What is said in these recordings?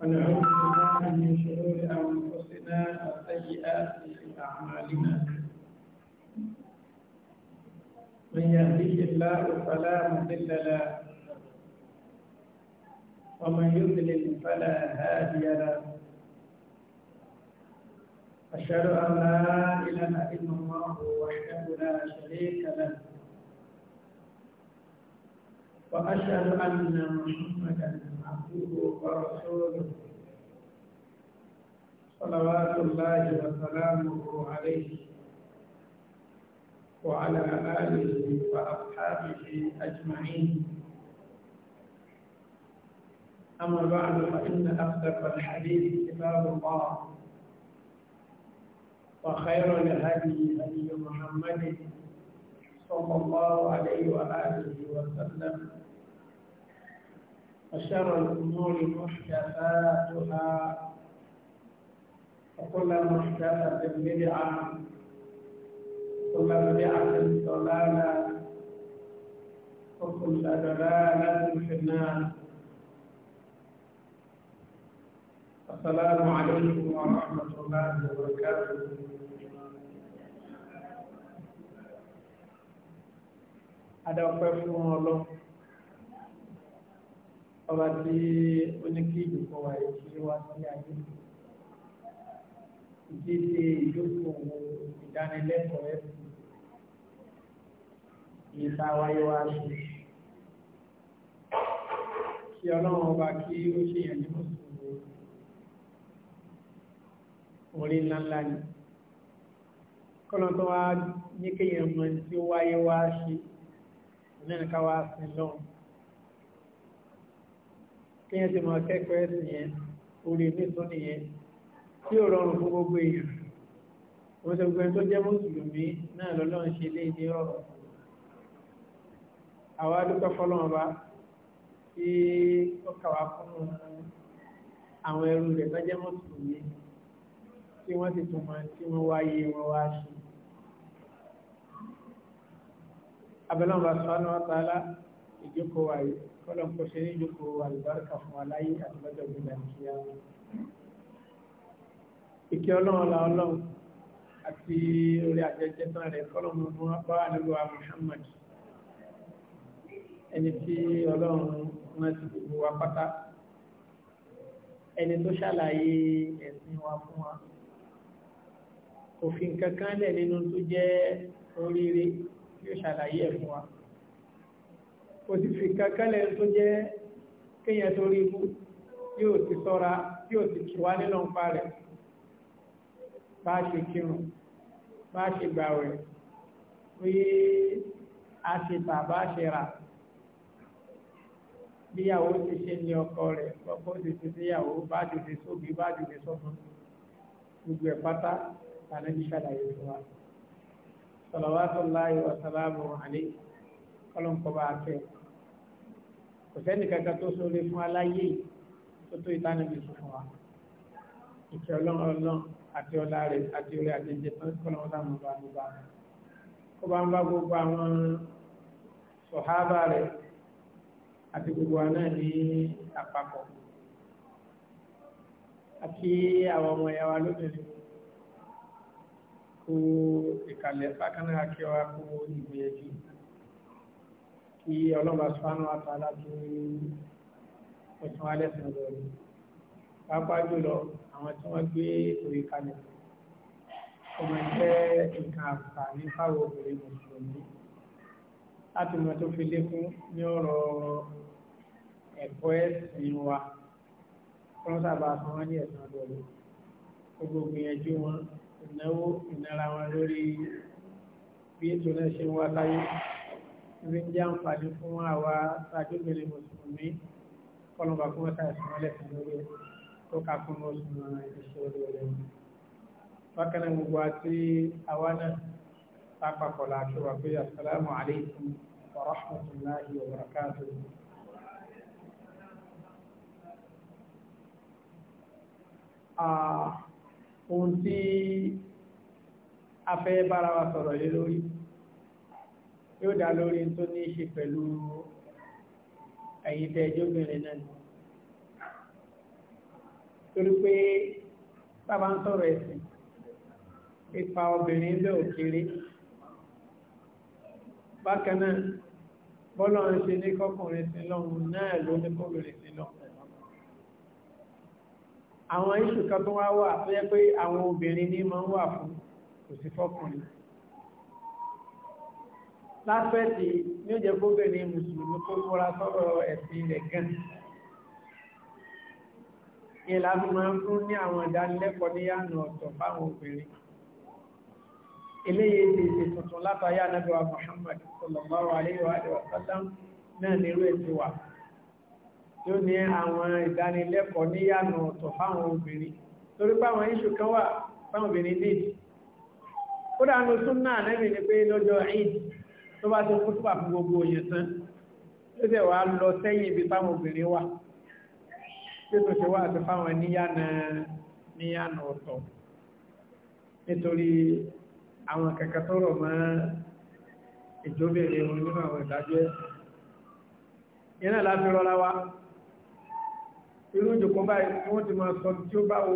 ونعوذ بالله من شرور أنفسنا وسيئات أعمالنا من يهديه الله فلا مضل له ومن يضلل فلا هادي له أشهد أن لا إله إلا الله وحده لا شريك له وأشهد أن محمدا عبده ورسوله صلوات الله وسلامه عليه وعلى آله وأصحابه أجمعين أما بعد فإن أصدق الحديث كتاب الله وخير الهدي هدي محمد صلى الله عليه وآله وسلم وشر الأمور محدثاتها وكل محدثة بدعة وكل بدعة ضلالة وكل ضلالة في النار السلام عليكم ورحمة الله وبركاته أدعو semua الله ọba tí ó ní kí ìdòkọ̀ wa yìí kí wá sí ayé ìdíje ìdókòwò ìdánilẹ́kọ̀ọ́ ẹ̀sìn ìta wáyé wá ṣe kí ọlọ́run ọba kí ó ṣe yẹn ní mùsùlùmí orí ńláńlá ni kọ́nà tó wá ní kéèyàn mọ tí ó wáyé wá ṣe onínàká wá sí lọ́run tí yẹn ti máa kẹ́kọ̀ọ́ ẹ̀sìn yẹn orí nítún nìyẹn tí ò rọrùn fún gbogbo èèyàn wọ́n ṣe gbogbo tó jẹ́ mùsùlùmí náà lọ́lọ́run ṣe lé ní ọ̀rọ̀ àwa dúpẹ́ fọlọ́run ọba tí ó kàwá fún àwọn ẹrú rẹ̀ tó jẹ́ mùsùlùmí tí wọ́n ti tún máa tí wọ́n wáyé wọn wá ṣe abẹ́lẹ́ ọba sọ́nà ọ̀tá ìjókòó wáyé kọ́lọ̀ kó ṣe ní ìjókòó àlùbáríkà fún aláyé àti lọ́jọ́ gbígbà ní kíá ìkẹ́ ọlọ́run la ọlọ́run àti orí àjẹjẹ tán rẹ̀ kọ́lọ̀ mú fún apá àdúgbò Muhammad ẹni tí ọlọ́run wọn ti gbogbo wa pátá ẹni tó ṣàlàyé ẹ̀sìn wa fún wa òfin kankan lẹ̀ nínú tó jẹ́ oríire yóò ṣàlàyé ẹ̀ fún wa kò sì fi kankanlẹ̀ tó jẹ́ kéèyàn tó rí ikú yóò ti sọ́ra yóò ti tù wá nínú nǹpa rẹ̀ bá a ṣe kírun bá a ṣe gbàwẹ̀ pé a ṣe bàbá ṣe rà bíyàwó ti ṣe ní ọkọ rẹ̀ ọkọ ti ṣe síyàwó bá ti ṣe sóbi bá ti ṣe sọ́mọ gbogbo ẹ̀ pátá lànà bí ṣàlàyé fún wa sọlọ́wọ́ tó láyé ọ̀sán láàbù àlè kọ́lọ́ńkọ́ kò sẹ́ni kankan tó sóore fún aláyé tó tó ìtànàbí fún wa ìkẹ́ ọlọ́run ọlọ́run àti ọlá rẹ̀ àti orí àjẹjẹ tán kọ́lọ́run láwọn bá mú bá kó bá ń bá gbogbo àwọn sọ̀hábà rẹ̀ àti gbogbo àná ní àpapọ̀ àti àwọn ọmọ ẹ̀yà wa lóbìnrin kó ìkàlẹ̀ bákan náà kí wa kó ìgbìyànjú kí ọlọ́ba sánú àtàlà tó ẹ̀sán alẹ́sàn lórí pápá jùlọ àwọn tí wọ́n gbé orí kalẹ̀ ọmọ ẹgbẹ́ nǹkan àǹfààní fáwọn obìnrin mùsùlùmí láti mọ tó fi lékún ní ọ̀rọ̀ ẹ̀kọ́ ẹ̀sìn wa wọ́n sábà fún wọn ní ẹ̀sán lórí gbogbo gbìyànjú wọn ìnáwó ìnara wọn lórí bí ètò náà ṣe ń wá láyé ìwé ń jẹ́ àǹfààní fún àwa àjọgbẹ̀rẹ̀ mùsùlùmí kọlọ̀bà kó mẹ́ta ìsúnmọ́lẹ̀ fún lórí tó ká fún mùsùlùmí iṣẹ́ orí rẹ̀. bákan náà gbogbo àti àwa náà lápapọ̀ láti wà pé asalaamu alaykum wa rahmatulahi wa barakatuh. ohun tí a fẹ́ bára wa sọ̀rọ̀ lé lórí yóò dá lórí tó ní í ṣe pẹ̀lú ẹ̀yin tẹ́ ẹjọ́bìnrin náà ni torí pé bàbá ń sọ̀rọ̀ ẹ̀sìn ipa obìnrin lè òkèrè bákan náà bọ́lọ̀ ń ṣe ní kọkùnrin sí lọ́hùn náà ló ní kọkùnrin sí lọ́hùn àwọn iṣu kan tó wá wà tó yẹ pé àwọn obìnrin ní máa ń wà fún kò sí fọkùnrin láfẹ́ẹ̀tì ní ó jẹ́ fóbẹ̀ ní mùsùlùmí kó fọ́ra sọ́rọ̀ ẹ̀sìn ilẹ̀ gan yẹ láti máa ń fún ní àwọn ìdánilẹ́kọ̀ọ́ ní yánà ọ̀tọ̀ fáwọn obìnrin eléyìí ti ṣe tuntun látàrí anábíwa Muhammad sallallahu alaihi wa sallam náà nírú ètò wà tí ó ní àwọn ìdánilẹ́kọ̀ọ́ ní yánà ọ̀tọ̀ fáwọn obìnrin torí pé àwọn iṣu kan wà fáwọn obìnrin ní ó dánú súnnà ni pé lọ́jọ́ Eid tó bá ṣe kútùbà fún gbogbo òyìn tán tó tẹ̀ wá lọ sẹ́yìn ibi táwọn obìnrin wà tó tó ṣe wá àti fáwọn níyànà níyànà ọ̀tọ̀ nítorí àwọn kẹ̀kẹ́ tó rọ̀ mọ́ ìjóbìnrin wọn nínú àwọn ìdájọ́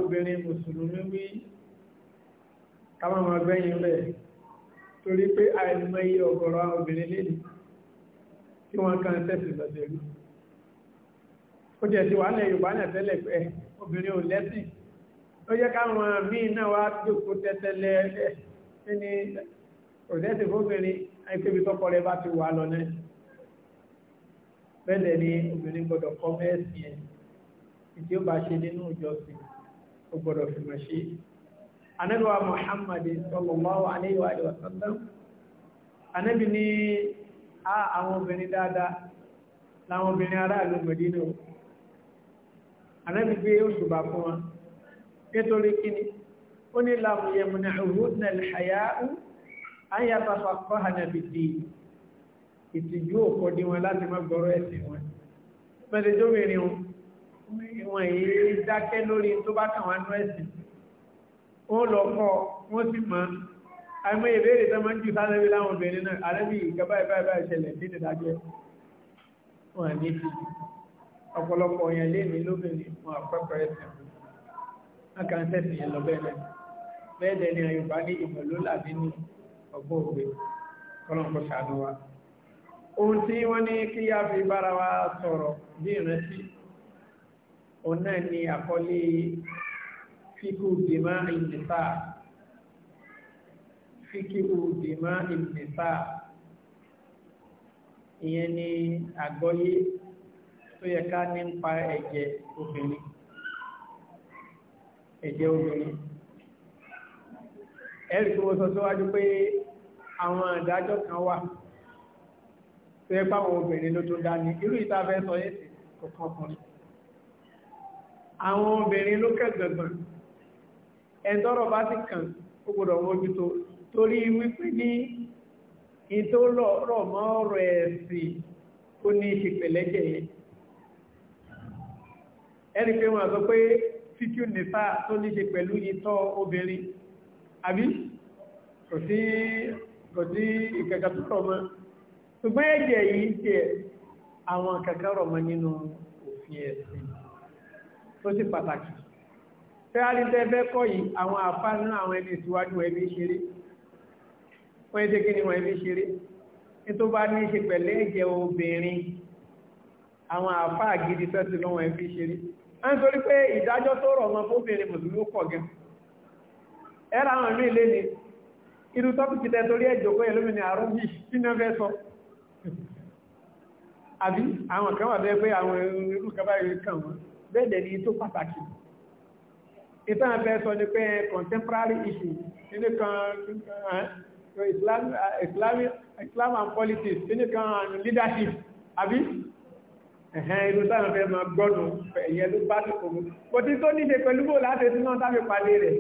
ẹ̀sìn káwọn ọmọ ọgbẹ́yìn rẹ̀ torí pé àìmọye ọ̀gọ̀rọ̀ obìnrin lẹ́nu tí wọ́n kàn tẹ́sì lọ́sẹ̀rú ó jẹ́ ti wà lẹ́yìn Yorùbá náà tẹ́lẹ̀ pé obìnrin ò lẹ́sìn ó yẹ káwọn míì náà wá jókòó tẹ́tẹ́lẹ̀ ẹni òdẹ́sì fóbìnrin àìsèbí tọ́kọ rẹ̀ bá ti wà lọ náà bẹ́ẹ̀ ni obìnrin gbọ́dọ̀ kọ́ mẹ́sì ẹ̀ tí ó bá ṣe nínú ìjọsìn ó gbọ́dọ̀ fìmọ̀ ṣe anẹ́lúwà Muhammad sallallahu alayhi wa sallam anẹ́bì ní a àwọn obìnrin dáadáa láwọn obìnrin aráàlú Mẹdínà anẹ́bì gbé òṣùbà fún wọn nítorí kíni ó ní láàmù yẹmùnà òhúnnà ìhàyáú ayàtàfà kọ́hànà bìdì ìtìjú òkòdí wọn láti má gbọ́rọ̀ ẹ̀sìn wọn mẹ́rẹjọ́ mẹ́rin wọn èyí dákẹ́ lórí tó bá kàwọn ẹ̀sìn wọ́n lọ kọ́ wọ́n sì mọ́ àìmọ́ ìbéèrè tó máa ń jù sáré láwọn obìnrin náà alẹ́bí ìkẹbá ìbáìbá ìṣẹ̀lẹ̀ ní ìdájẹ́ wọ́n ní fi ọ̀pọ̀lọpọ̀ yẹn lé ní lóbìnrin wọn àpẹ́pẹ́ ẹ̀sìn wọn yẹn lọ bẹ́ẹ̀ wa ohun tí wọ́n ní kí a fi fíkú dìmá ìnìfà fíkú dìmá ìnìfà ìyẹn ni àgbọ́yé tó yẹ ká ní ń pa ẹ̀jẹ̀ obìnrin ẹ̀jẹ̀ obìnrin ẹ̀rì tí mo sọ síwájú pé àwọn àdájọ́ kan wà tó yẹ pàwọn obìnrin ló tó dání irú ìtafẹ́ sọ yẹ́ sí kọ̀kan ọkùnrin àwọn obìnrin ló kẹ́gbẹ̀gbọ̀n ẹ̀ńtọ́rọ̀ bá ti kàn ó gbọ́dọ̀ mójú tó torí wípé ní ìtò rọ̀ mọ́ ọ̀rọ̀ ẹ̀sìn ó ní ṣe pẹ̀lẹ́jẹ̀ yẹn ẹni pé wọ́n sọ pé fíkú nìfà tó ní ṣe pẹ̀lú ìtọ́ obìnrin àbí kò sí ìkẹ̀kẹ̀ tó rọ̀ mọ́ ṣùgbọ́n ẹ̀jẹ̀ yìí tẹ àwọn kẹ̀kẹ́ rọ̀ mọ́ nínú òfin ẹ̀sìn tó sì pàtàkì tẹ́rárí tẹ́ẹ̀bẹ́ kọ́ yìí àwọn àfá nínú àwọn ẹni ìsíwájú ẹbí ṣeré wọ́n yẹ́ tẹ́kí ni wọ́n ẹbí ṣeré ní tó bá ní ṣe pẹ̀lẹ́ ẹ̀jẹ̀ obìnrin àwọn àfá àgídí tẹ́tì lọ́wọ́ ẹbí ṣeré wọ́n torí pé ìdájọ́ tó rọ̀ mọ́ fóbìnrin mùsùlùmí pọ̀ gan ẹ̀rọ àwọn ìlú ilé ni irú tọ́pìtì tẹ́ torí ẹ̀jọ̀ pé ẹlómi àrùn yìí kí ni bẹ́ẹ̀ dẹ̀ ni tó pàtàkì ìtàn abẹ́ sọ ni pé contemporary issue nínú kan Islam Islam and politics nínú kan leadership àbí ẹ̀hẹ́n ìlú táwọn fẹ́ máa gbọ́nù ẹ̀yẹ ló bá ti kò mú bó ti tó níṣe pẹ̀lú bó láti tí náà tàbí palé rẹ̀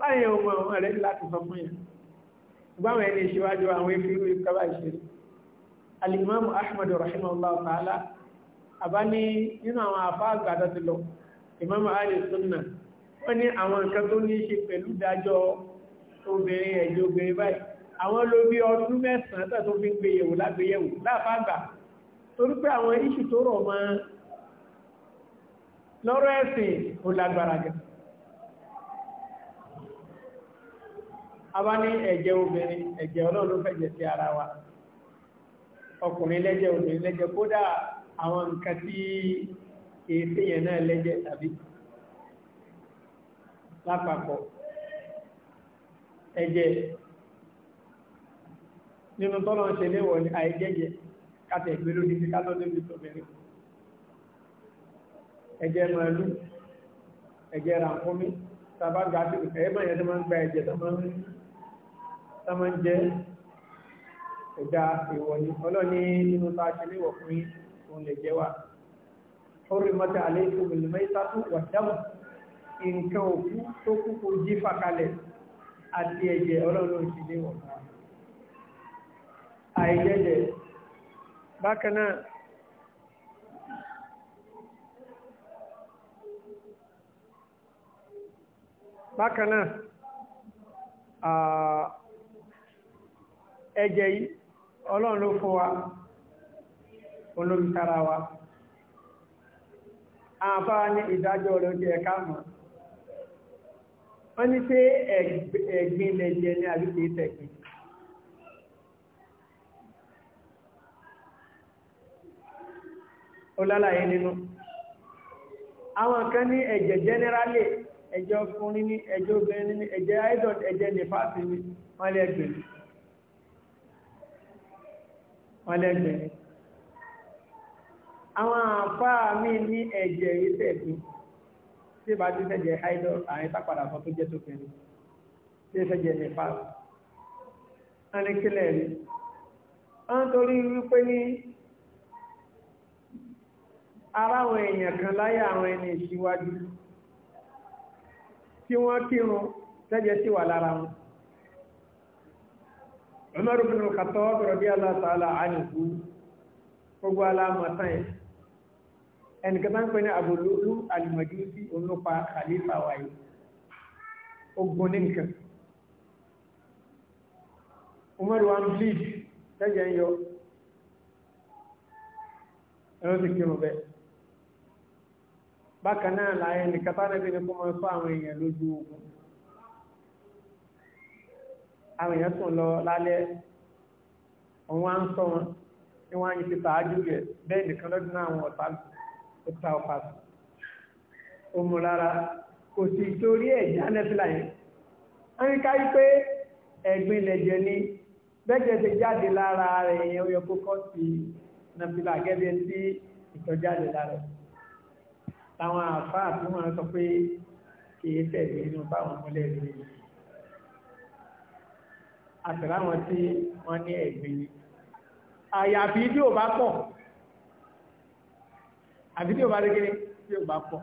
láyé ohun àwọn rẹ̀ láti sọ fún yẹn gbáwọn ẹni ìṣíwájú àwọn ìfìrú ìkọba ìṣẹ́lú alimamu ahmad rahimahullah ta'ala àbá ní nínú àwọn àfáàgbà àdọ́tìlọ imamu ali sunna wọ́n ní àwọn nǹkan tó ní ṣe pẹ̀lú dájọ́ obìnrin ẹ̀jẹ̀ obìnrin báyìí àwọn ló bí ọdún mẹ́sàn-án tẹ́ tó fi ń gbéyẹ̀wò lágbéyẹ̀wò láfàgbà torí pé àwọn iṣù tó rọ̀ mọ́ lọ́rọ̀ ẹ̀sìn ò lágbára gẹ̀ a bá ní ẹ̀jẹ̀ obìnrin ẹ̀jẹ̀ ọlọ́run ló fẹ̀jẹ̀ sí ara wa ọkùnrin lẹ́jẹ̀ obìnrin náà lẹ́jẹ̀ tàbí lápapọ̀ ẹ̀jẹ̀ nínú tọ́lọ̀ ń ṣe léwọ̀ ní àìjẹ́jẹ́ káàtẹ̀ ìgbé lórí ti kátọ́ débi tọ́bẹ̀rẹ̀ ẹ̀jẹ̀ màálù ẹ̀jẹ̀ ràǹkúnmí tàbágbà àti ìfẹ̀ẹ́mọ̀ yẹn tó máa ń gba ẹ̀jẹ̀ tó máa ń jẹ́ ẹ̀dá ìwọ̀ ni ọlọ́ni nínú ta ṣe léwọ̀ fún yí òun lè jẹ́ wà ó rí mọ́ta àlékún ìlú mẹ́ta tó wà dámọ̀ nǹkan òkú tó kú kò jí fàkalẹ̀ àti ẹ̀jẹ̀ ọlọ́run ti lé wọ̀n àìjẹ́jẹ̀ bákan náà bákan náà ẹ̀jẹ̀ yìí ọlọ́run ló fún wa olórí tara wa àfáà ní ìdájọ́ rẹ̀ ẹ̀ká mọ̀ wọ́n ní ṣé ẹ̀gbin lẹ́jẹ̀ ní àríkè tẹ̀gbin olálàyé nínú àwọn kan ní ẹ̀jẹ̀ jẹ́nẹ́rálì ẹ̀jẹ̀ ọkùnrin ní ẹ̀jẹ̀ obìnrin ní ẹ̀jẹ̀ idol ẹ̀jẹ̀ nífàtí ní wọ́n lẹ́gbẹ̀ẹ́ wọ́n lẹ́gbẹ̀ẹ́ àwọn àfáà mi ní ẹ̀jẹ̀ ìtẹ̀gbin tí ìbá ti fẹ́jẹ̀ haidọ́ àwọn ìtàpadà sọ tó jẹ́ tó fẹ́ni tí ó fẹ́jẹ̀ nípa ẹnikílẹ̀ rí wọ́n torí wípé ní ara àwọn èèyàn kan láyé àwọn ẹni ìṣíwájú tí wọ́n kírun tẹ́jẹ́ sí wà lára wọn Umar ibn Khattab radiyallahu ta'ala anhu gbogbo ẹnìkan bá ń pè ní àbòlólú alìmọ̀dúsí olópa khalifa wáyé ogun ní nǹkan umaru wa ń bleed tẹ́jẹ̀ ń yọ ẹ̀rọ ti kírun bẹ́ẹ̀ bákan náà láyé ẹnìkan bá nẹ́bí ní kó máa fọ́ àwọn èèyàn lójú ogun àwọn èèyàn tún lọ lálẹ́ òun wá ń sọ wọn ní ti tààjú rẹ̀ bẹ́ẹ̀ nìkan lọ́dún àwọn ọ̀tá ó ta ọ̀pá sí ó mú rárá kò sì torí ẹ̀já nẹ́fìlà yẹn wọ́n ní káyí pé ẹ̀gbin lẹ̀jẹ̀ ni bẹ́jẹ̀ ti jáde lára rẹ̀ yẹn ó yẹ kó kọ́ sí nẹ́fìlà gẹ́gẹ́ sí ìtọ́jáde lára táwọn àfáà tí wọ́n sọ pé kì tẹ̀lé inú báwọn múlẹ̀ rí àtàláwọn tí wọ́n ní ẹ̀gbin àyàfi tí ò bá pọ̀ àbí tí o bá rí kiri tí o bá pọ̀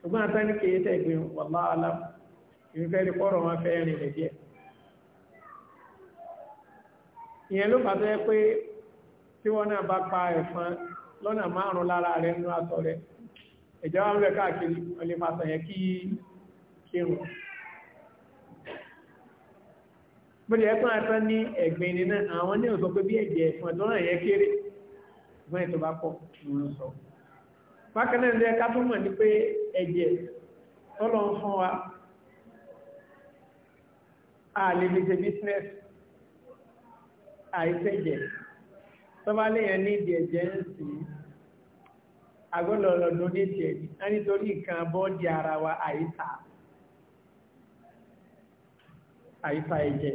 ṣùgbọ́n àtàní kìí tẹ̀ gbé wàlá àlá ìfẹ́ rí kọ́rọ̀ wọn fẹ́ rìn rẹ̀ díẹ̀ ìyẹn ló fàtọ́ yẹ pé tí wọ́n náà bá pa ẹ̀fọn lọ́nà márùn-ún lára rẹ̀ nínú aṣọ rẹ̀ ẹ̀jẹ̀ wa ń bẹ káàkiri ọlẹ́ fàtọ̀ yẹ kí kírun bó ti ẹ̀fọn ẹ̀fọn ẹ̀gbìn nínú àwọn ní ṣùgbọ́n ètò bá pọ̀ ló sọ bákan náà ní ẹka tó mọ̀ ní pé ẹ̀jẹ̀ tọ́lọ ń fún wa àlèmíṣe business àìsẹ̀jẹ̀ tọ́bá léyàn ní ìdí ẹ̀jẹ̀ ń sí agbọ́dọ̀ lọ́dún ní ìdí ẹ̀jẹ̀ nítorí nǹkan bọ́ọ̀dì ara wa àìsà àìsà ẹ̀jẹ̀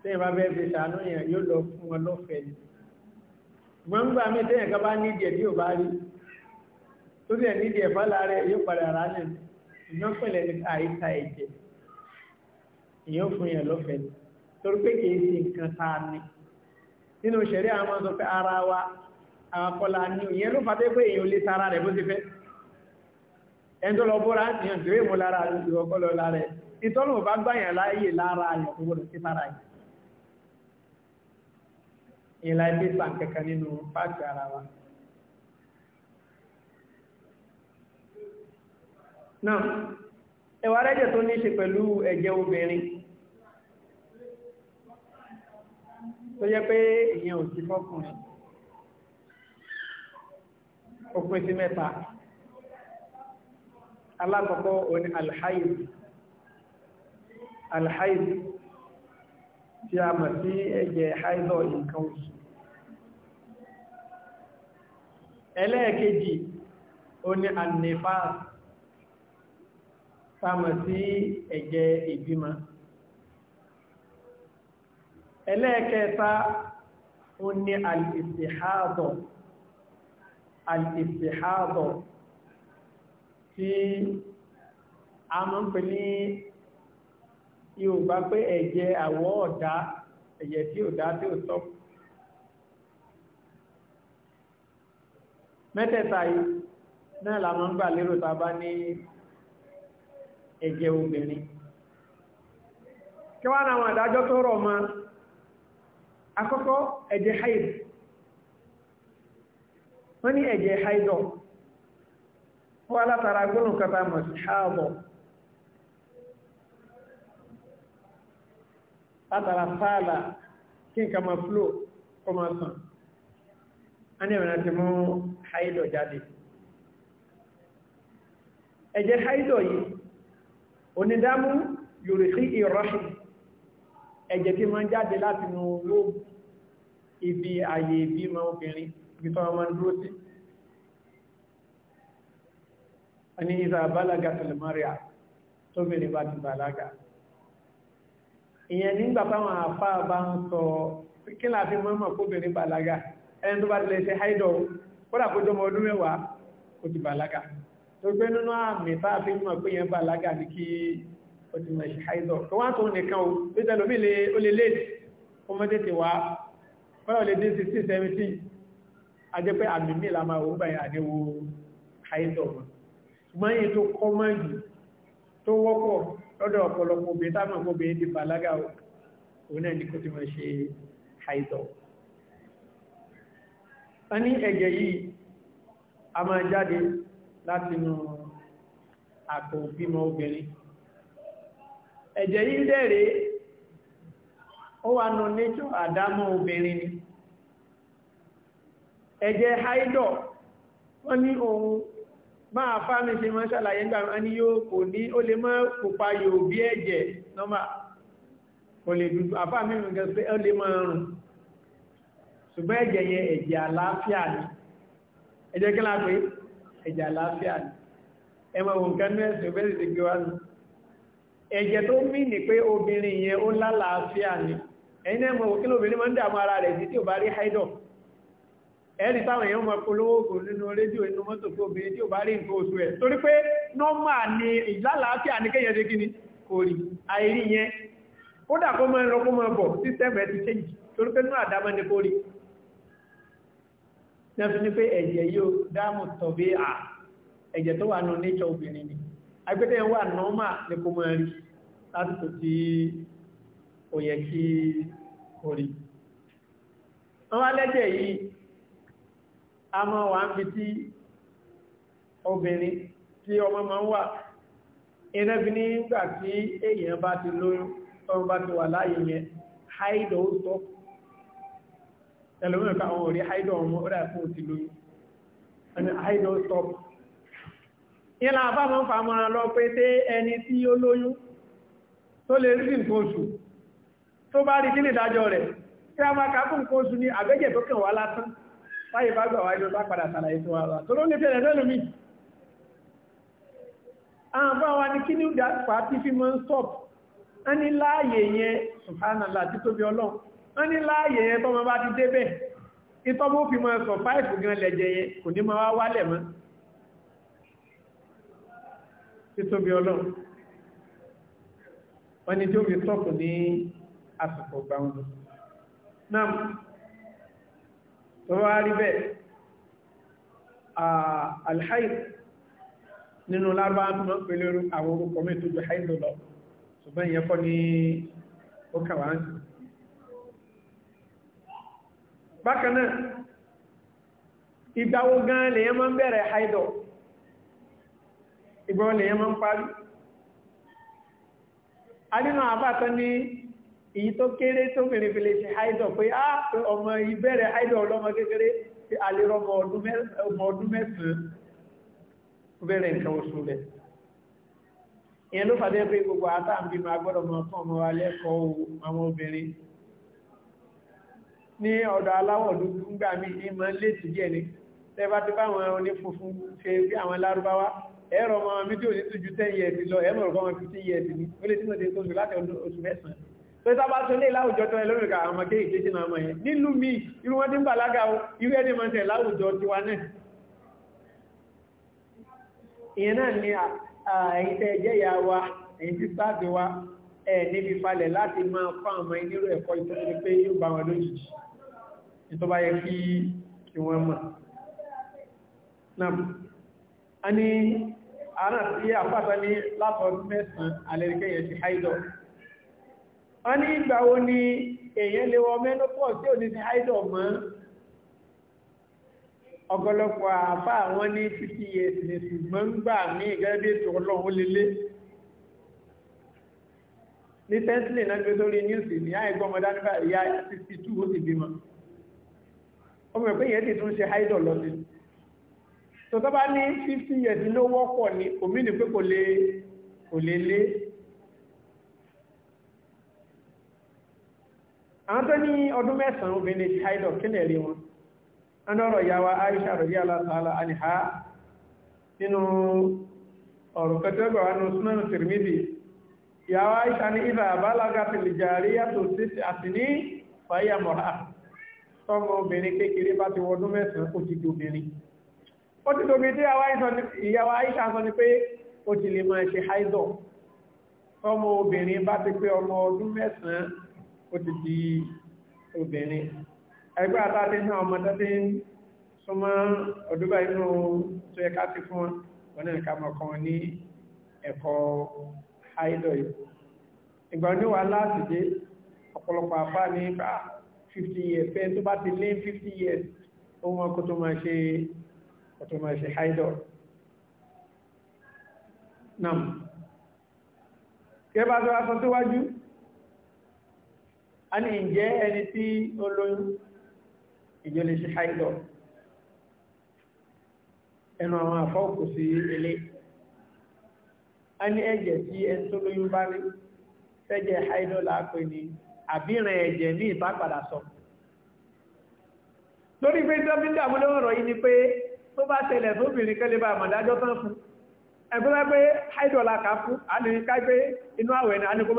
tí ìbá bẹ́ẹ̀ fi ṣàánú yẹn yóò lọ fún wọn lọ́fẹ̀ẹ́ ṣùgbọ́n ń gbà mí tẹ́yìn kan bá nídìí ẹ̀ tí ò bá rí tó sì ẹ̀ nídìí ẹ̀fọ́ lára ẹ̀ yóò padà rà ní ìyọ́n pẹ̀lẹ́ ní àyíká ẹ̀jẹ̀ ìyọ́n fún yẹn lọ́fẹ̀ẹ́ torí pé kìí ṣe nǹkan tá a ní nínú ìṣẹ̀rí àwọn máa sọ pé ara wa àwọn akọ́lá ní ìyẹn ló fàtẹ́ pé èèyàn lè tara rẹ̀ bó ti fẹ́ ẹni tó lọ bóra ìyàn ìwé ìmúlára àti ìwọ̀kọ́ lára ẹ̀ ìtọ́nù bá gbàyàn láàyè lára àyàn tó gbọdọ̀ sí tara yìí ìlà ilé sàn kankan nínú pàtì ara wa náà ẹwà rẹ́jẹ̀ tó ní ṣe pẹ̀lú ẹ̀jẹ̀ obìnrin tó yẹ pé ìyẹn ò sí fọ́kùnrin ó pín sí mẹ́ta alákọ̀ọ́kọ́ òní alhaid alhaid tí a mọ̀ sí ẹ̀jẹ̀ haidọ̀ nǹkan oṣù ẹlẹ́ẹ̀kejì ó ní annifas sáàmà sí ẹ̀jẹ̀ ìbímọ ẹlẹ́ẹ̀kẹta ó ní al-istihadọ̀ al-istihadọ̀ tí a mọ̀ pè Yorùbá pé ẹ̀jẹ̀ àwọ̀ ọ̀dá ẹ̀jẹ̀ tí ò dá tí ò tọ́. mẹ́tẹ̀ẹ̀ta yìí náà la ń gbà lérò tá bá ní ẹ̀jẹ̀ obìnrin kí wá náà àwọn àdájọ́ tó rọ̀ ma akọ́kọ́ ẹ̀jẹ̀ haid wọ́n ní ẹ̀jẹ̀ haidọ̀ wọ́n látara gbónù kata mọ̀ sí haidọ̀ látara sáàlà kí n ka ma flo kọ ma sàn a ní ẹ̀rọ ti mú haidọ̀ jáde ẹ̀jẹ̀ haidọ̀ yìí onídámú yorùsí ìrọ́ṣì ẹ̀jẹ̀ tí ma ń jáde láti mú owó ibi ààyè ibi ma obìnrin ibi tó ma ń dúró sí a ní ìzàbálàgà tẹlẹmọ́ríà tó bèèrè bá ti bàlágà ìyẹn nígbà táwọn àfá bá ń sọ kí láti mọ́mọ̀ kóbìnrin bàlágà ẹni tó bá tilẹ̀ ṣe haidọ̀ kódà kó jọmọ ọdún mẹ́wàá kò ti bàlágà tó gbé nínú àmì bá fi mọ̀ pé yẹn bàlágà ní kí o ti mọ̀ ṣe haidọ̀ tó wá tó nìkan o la máa wò gbà yẹn àdéwò haidọ̀ mọ́ ṣùgbọ́n tó wọ́pọ̀ lọ́dọ̀ ọ̀pọ̀lọpọ̀ obìnrin táwọn ọmọ obìnrin ti bàlágà òun náà ní kó ti mọ̀ ṣe àìtọ̀. a ní ẹ̀jẹ̀ yìí a máa jáde láti inú àpò bímọ obìnrin ẹ̀jẹ̀ yìí dẹ̀rẹ̀ ó wà nù níjọ́ àdámọ́ obìnrin ni ẹ̀jẹ̀ haidọ̀ wọ́n ní ohun máa fá mi ṣe máa ṣàlàyé ńgbà máa ní yóò kò ní ó lè máa pupa yóò bí ẹ̀jẹ̀ nọ́mbà kò lè dúdú àfá mi rìn gẹ́gẹ́ pé ó lè máa rùn ṣùgbọ́n ẹ̀jẹ̀ yẹn ẹ̀jẹ̀ àlàáfíà ni ẹ̀jẹ̀ kí lápé ẹ̀jẹ̀ àlàáfíà ni ẹ máa wọn kan nẹ́ẹ̀sì ó bẹ́ẹ̀ sì gbé wá nù ẹ̀jẹ̀ tó mí ni pé obìnrin yẹn ó lálàáfíà ni ẹ̀yin náà mọ̀ kí lóbìnrin máa ń dààmú ara rẹ̀ sí ò bá rí háídọ̀ ẹ̀rí táwọn èèyàn máa polówó ògùn nínú rédíò inú mọ́tò fún obìnrin tí ò bá rí nǹkan oṣù ẹ̀ torí pé nọ́mà ni ìlàlàáfíà ní kéyàn ṣe kíni kò rí àìrí yẹn kódà kó máa ń lọ kó máa bọ̀ sísẹ́mù ẹ̀ ti change torí pé nínú àdámọ́ ni kò rí ní a fi ní pé ẹ̀jẹ̀ yóò dáàmú tọ̀bí à ẹ̀jẹ̀ tó wà nù nature obìnrin ni agbẹ́tẹ̀ wà nọ́mà ni kó máa rí lásìkò tí ó yẹ kí kò rí wọ́n wá lẹ́jẹ̀ yìí a máa wà ń fi tí obìnrin tí ọmọ máa ń wà iná fi ní ìgbà tí èèyàn bá ti lóyún ọmọ bá ti wà láàyè yẹn haidọ̀ ó sọ ẹlòmíràn káwọn orí haidọ̀ ọmọ ó dà fún ti lóyún ẹni haidọ̀ ó sọ ìlà àbá máa ń fa mọ́ra lọ pé tí ẹni tí ó lóyún tó lè rí nǹkan tó bá rí kí ní ìdájọ́ rẹ̀ tí a máa ká fún nǹkan oṣù ní àbẹ́jẹ̀ tó kàn wá báyìí bá gbà wáyé bá padà sàlàyé fún wa tó ló ní fẹ́rẹ̀ lẹ́nu mi àbá wa ní kí ní ìdá pàtí fi mọ́ ń stop a ní láàyè yẹn subhanallah tí tóbi ọlọ́run a ní láàyè yẹn tọ́mọ bá ti débẹ̀ ìtọ́mọ fi mọ́ ẹ̀sọ̀ fáìfù gan lẹ́jẹ yẹn kò ní máa wálẹ̀ mọ́ tí tóbi ọlọ́run wọ́n ni tí tó wá rí bẹ́ẹ̀ alhaid nínú lábá mọ́ pẹ̀lú àwọn orúkọ mẹ́ tó jù haidu lọ ṣùgbọ́n ìyẹn kọ́ ní ó kàwà ń sì bákanáà ìgbàwó gan lèyẹn máa ń bẹ̀rẹ̀ haidu ìgbàwó lèyẹn máa ń parí adínà àbátan ní èyí tó kéré tó mèrè fi lè ṣe haidọ̀ pé á ah, ọmọ ìbẹ̀rẹ̀ haidọ̀ ọlọ́mọ kékeré tí a lè rọmọ ọdún mẹ́sàn-án bẹ̀rẹ̀ nǹkan oṣù rẹ̀ ìyẹn ló fàdé pé gbogbo àtàbí ma gbọ́dọ̀ mọ̀ fún ọmọ wa àwọn obìnrin ni tẹ́bá tí báwọn oní funfun ṣe bí àwọn lárúbáwá ẹ̀rọ ọmọ mi tí ò ní tújú 10 years lọ ẹ̀mọ̀ ọ̀gọ́mọ̀ 15 years ni ó lè tí mo ti tó oṣù láti oṣù tó sábà tún lè láwùjọ tó ẹlọ́rìnkà àwọn ọmọdé ìkéjì náà mọ̀ yẹn nílùú mi irú wọn tí ń bàlágà o irú ẹni mọ́ tẹ̀ láwùjọ tiwa náà ìyẹn náà ni ẹ̀yin tẹ́ jẹ́ ìyá wa ẹ̀yin tí sáàbì wa ẹ̀ níbi falẹ̀ láti máa fún àwọn inírò ẹ̀kọ́ ìtọ́jú pé yóò bá wọ́n ní ìgbà wo ni èèyàn lè wọ menopause tí ò ní sí idol mọ́ ọ̀gọ̀lọpọ̀ àfà àwọn ní 50 years ní ṣùgbọ́n ń gbà ní ìgẹ́gẹ́ ètò ọlọ́run lélé ní tẹ́sílẹ̀ náà gbé sórí níùsì ní àìgbọ́mọdá nípa ìyá 62 ó sì bímọ ọmọ ẹ̀pẹ́ yẹn ti tún ṣe idol lọ sí tó àwọn tó ní ọdún mẹ́sàn-án obìnrin ti haidọ̀ kí rí wọn ọdọ́rọ̀ ìyàwó Aisha rọ̀dí aláàtàlá àníhá nínú ọ̀rọ̀ kẹtẹ́gbà wọn súnmọ́nù Tirmidhi ìyàwó Aisha ní ìfà àbálága tìlìjàrí yàtọ̀ sí àti ní fàyà mọ̀ra tọ́mọ obìnrin kékeré bá ti wọdún mẹ́sàn-án ó ti di obìnrin ni pé ó ti lè máa ṣe ó ti di obìnrin ẹgbẹ́ àtàtí náà ọmọ tẹ́tí súnmọ́ ọdúbà inú tó yẹ ká ti fún wọn náà ká mọ̀kan ní ẹ̀kọ́ haidọ̀ yìí ìgbà ní wà láti dé ọ̀pọ̀lọpọ̀ àfá ní bá 50 ah, years pé tó bá ti lé 50 years ohun ọkọ̀ tó máa ṣe ọ̀tọ̀ máa ṣe haidọ̀ nam kẹ́ bá tó wá sọ síwájú a ní ìjẹ́ ẹni tí ó lóyún ìjọ lè ṣe haidọ̀ ẹnu àwọn àfọ́kù sí ilé a ní ẹ̀jẹ̀ tí ẹni tó lóyún bá ní fẹ́jẹ̀ haidọ̀ láàpẹ́ ni àbíran ẹ̀jẹ̀ ní ìbápadà sọ lórí pé dọ́bíndà múlẹ́wọ̀rọ̀ yìí ni pé tó bá tẹ̀lẹ̀ fóbìnrin kẹ́lẹ́bà àmàdájọ́ tán fún ẹgbẹ́ pé haidọ̀ la kà fún a ní ká pé inú àwẹ̀ ni a ní kó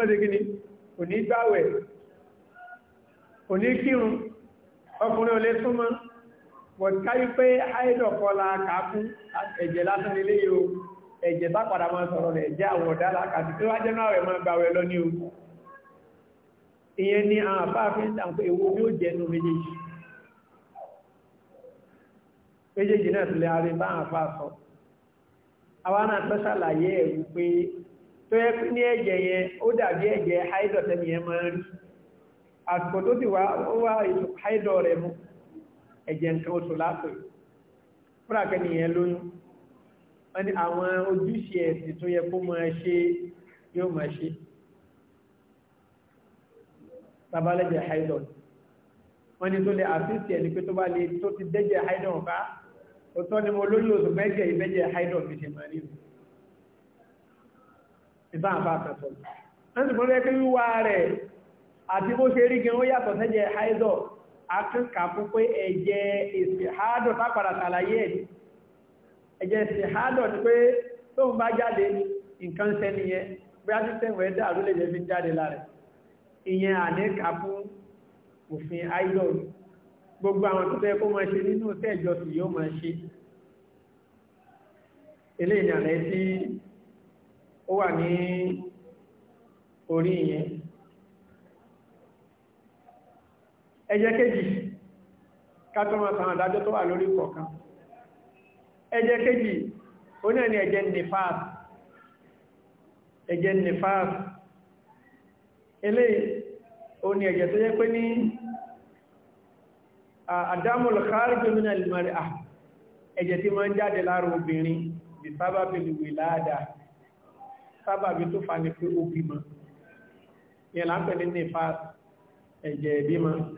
oníkírun ọkùnrin olè súnmọ́ wọ̀tíkáyí pé haidọ̀ kọla kàákún ẹ̀jẹ̀ lásán ilé yóò ẹ̀jẹ̀ bá padà máa sọ̀rọ̀ rẹ̀ jẹ́ àwọn ọ̀dá lákàtí tí wájẹ́ náà rẹ̀ máa gbàwẹ̀ ní o ni ní àsìkò tó ti wá ó wá ètò haidọ̀ rẹ̀ mú ẹ̀jẹ̀ nǹkan oṣù lápẹ̀ fúrakẹ́ nìyẹn lóyún wọ́n ní àwọn ojúṣe ẹ̀sìn tó yẹ kó máa ṣe yóò máa ṣe tabalẹ́jẹ̀ haidọ̀ wọ́n ní tó lè àfíìsì ẹni pé tó bá lè tó ti dẹ́jẹ̀ haidọ̀ bá ó tọ́ ni mo lóyún oṣù mẹ́jẹ̀ ìbẹ́jẹ̀ haidọ̀ fi ṣe máa nínú ìbá àbá àkàtọ̀ wọ́n sì mọ́ àti bó ṣe rí gan ó yàtọ̀ sẹ́jẹ̀ haidọ̀ akẹ́kà fún pé ẹ̀jẹ̀ ìsìhádọ̀ tápàdà tàlàyé ẹ̀ ẹ̀jẹ̀ ìsìhádọ̀ ni pé tó ń bá jáde nǹkan sẹ́ni yẹn bí a ti tẹ̀wọ̀ ẹ̀dà ló lè jẹ́ fi jáde lára ìyẹn àníkà fún òfin haidọ̀ gbogbo àwọn tó fẹ́ kó máa ṣe nínú tẹ́ẹ̀jọ sì àlẹ́ tí ó wà ní orí ìyẹn ẹjẹ́ kéjì kátọ́mọ̀ sàn àdájọ́ tó wà lórí kọ̀ọ̀kan ẹjẹ́ kéjì ó náà ni ẹjẹ́ nifas ẹjẹ́ nifas ilé o ni ẹjẹ́ tó yẹ pé ní àdámul kharij min al-mar'a ẹjẹ́ tí ma ń jáde lára obìnrin bí sábà bí tó fa ní pé ó bímọ ìyẹn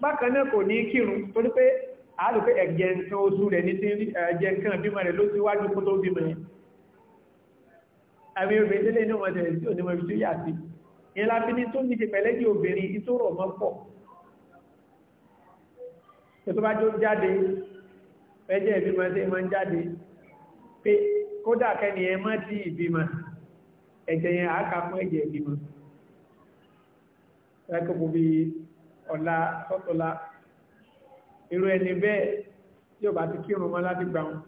bákan náà kò ní kírun torí pé àálùpẹ́ ẹ̀jẹ̀ nǹkan oṣù rẹ̀ ní tí ẹ̀jẹ̀ nǹkan bímọ rẹ̀ ló ti wájú kó tó bímọ rẹ̀ àmì obìnrin tẹ́lẹ̀ inú ọmọdé rẹ̀ tí ò ní mọ̀ ibi tó yà sí ìlà fi ní tó ní ṣe pẹ̀lẹ́ ní obìnrin tó rọ̀ ọ̀la sọ́tọ̀la irú ẹni bẹ́ẹ̀ tí ò bá ti kírun mọ́ láti gbà wọn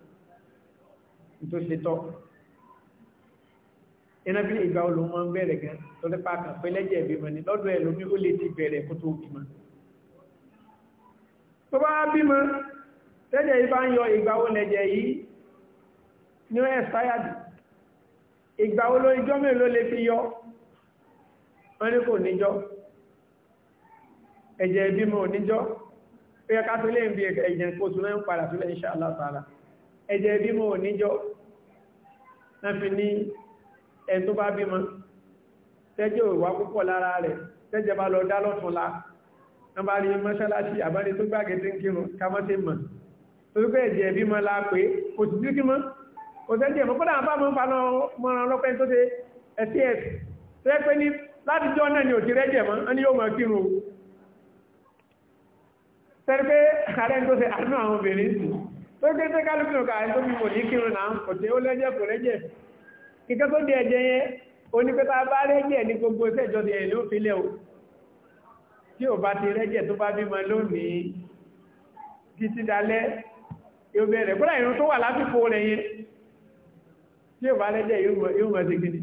tó ṣe tọ́ ìrìnàbí ìgbà olùmọ́ ń bẹ̀rẹ̀ gan lọ́dẹ́ pàkà pé lẹ́jẹ̀ ni lọ́dọ̀ ẹ̀ lómi ó lè ti bẹ̀rẹ̀ kó tó bímọ tó bá bímọ tẹ́jẹ̀ yìí bá ń yọ ìgbà ẹ̀jẹ̀ ìbímọ oníjọ́ ó yẹ ká tó lè ń bí ẹ̀jẹ̀ kóòtù náà ń padà tó lẹ́ insha Allah ta'ala ẹ̀jẹ̀ ìbímọ oníjọ́ náà fi ní ẹ̀ tó bá bímọ tẹ́jẹ́ òwà púpọ̀ lára rẹ̀ tẹ́jẹ́ bá lọ dá lọ́túnla wọ́n bá rí mọ́ṣálásí àbárí tó gbáàgẹ́ tí ń kírun mọ̀ orúkọ ẹ̀jẹ̀ tẹ́lẹ̀ pé ààrẹ tó ṣe àánú àwọn obìnrin sí tó gbé tẹ́ kálùkù ọ̀kà ààrẹ tó fi mò ní kírun náà kò tí ó lẹ́jẹ̀ kò lẹ́jẹ̀ kíkẹ́ tó di ẹ̀jẹ̀ yẹn onípẹ́ta bá rẹ́jẹ̀ ní gbogbo ìṣẹ́jọ́ ti ẹ̀ ló fi lẹ́ o tí ò bá ti rẹ́jẹ̀ tó bá bímọ lónìí títí dalẹ́ yóò bẹ̀rẹ̀ kúrò ìrún tó wà lásìkò rẹ̀ yẹn tí ò bá rẹ́jẹ̀ yóò mọ̀ sí gidi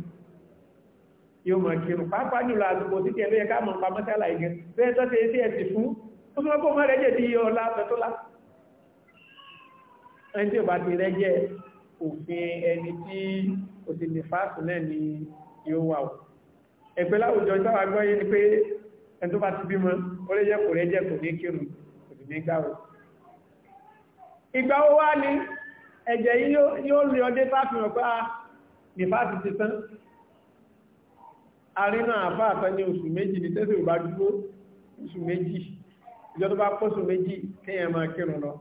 pàápàá jùlọ àsìkò títí ló yẹ ká mọ̀ pamọ́sálà ìgẹ̀ bẹ́ẹ̀ tó ṣe sí ẹ̀sì fún ó sọ pé mọ́rẹ̀ jẹ́ di ọlá pẹ̀tọ́lá ẹni tí ó bá ti rẹ́ jẹ́ òfin ẹni tí ó ti lè fásùn náà ni yóò wà ó ẹgbẹ́ láwùjọ ìtawà gbọ́ yé ni pé ẹni tó bá ti bímọ ó lè jẹ́ kò rẹ́ jẹ́ kò ní kírun kò sì ní gbàwó ìgbà ó wá ní ẹ̀jẹ̀ yìí yóò lè ọdé fáfihàn pé ah, a nìfàtí ìjọba bá pọ́sùn méjì kéèyàn máa kírun lọ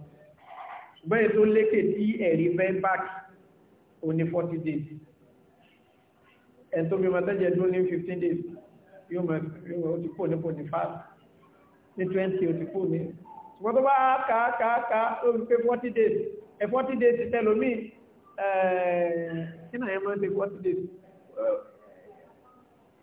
ṣùgbọ́n ètò lékè tí ẹ̀rí fẹ́ báàkì ó ní 40 days ẹ̀tọ́ bí mọ́tẹ́jẹ̀ dún ní 15 days yóò mọ̀ ó ti kó ní 45 ní 20 ó ti kó ní ṣùgbọ́n tó bá kàákàákà ó fi pé 40 days ẹ̀ 40 days tẹ́lómi ẹ̀ẹ́ kí náà ẹ̀ mọ́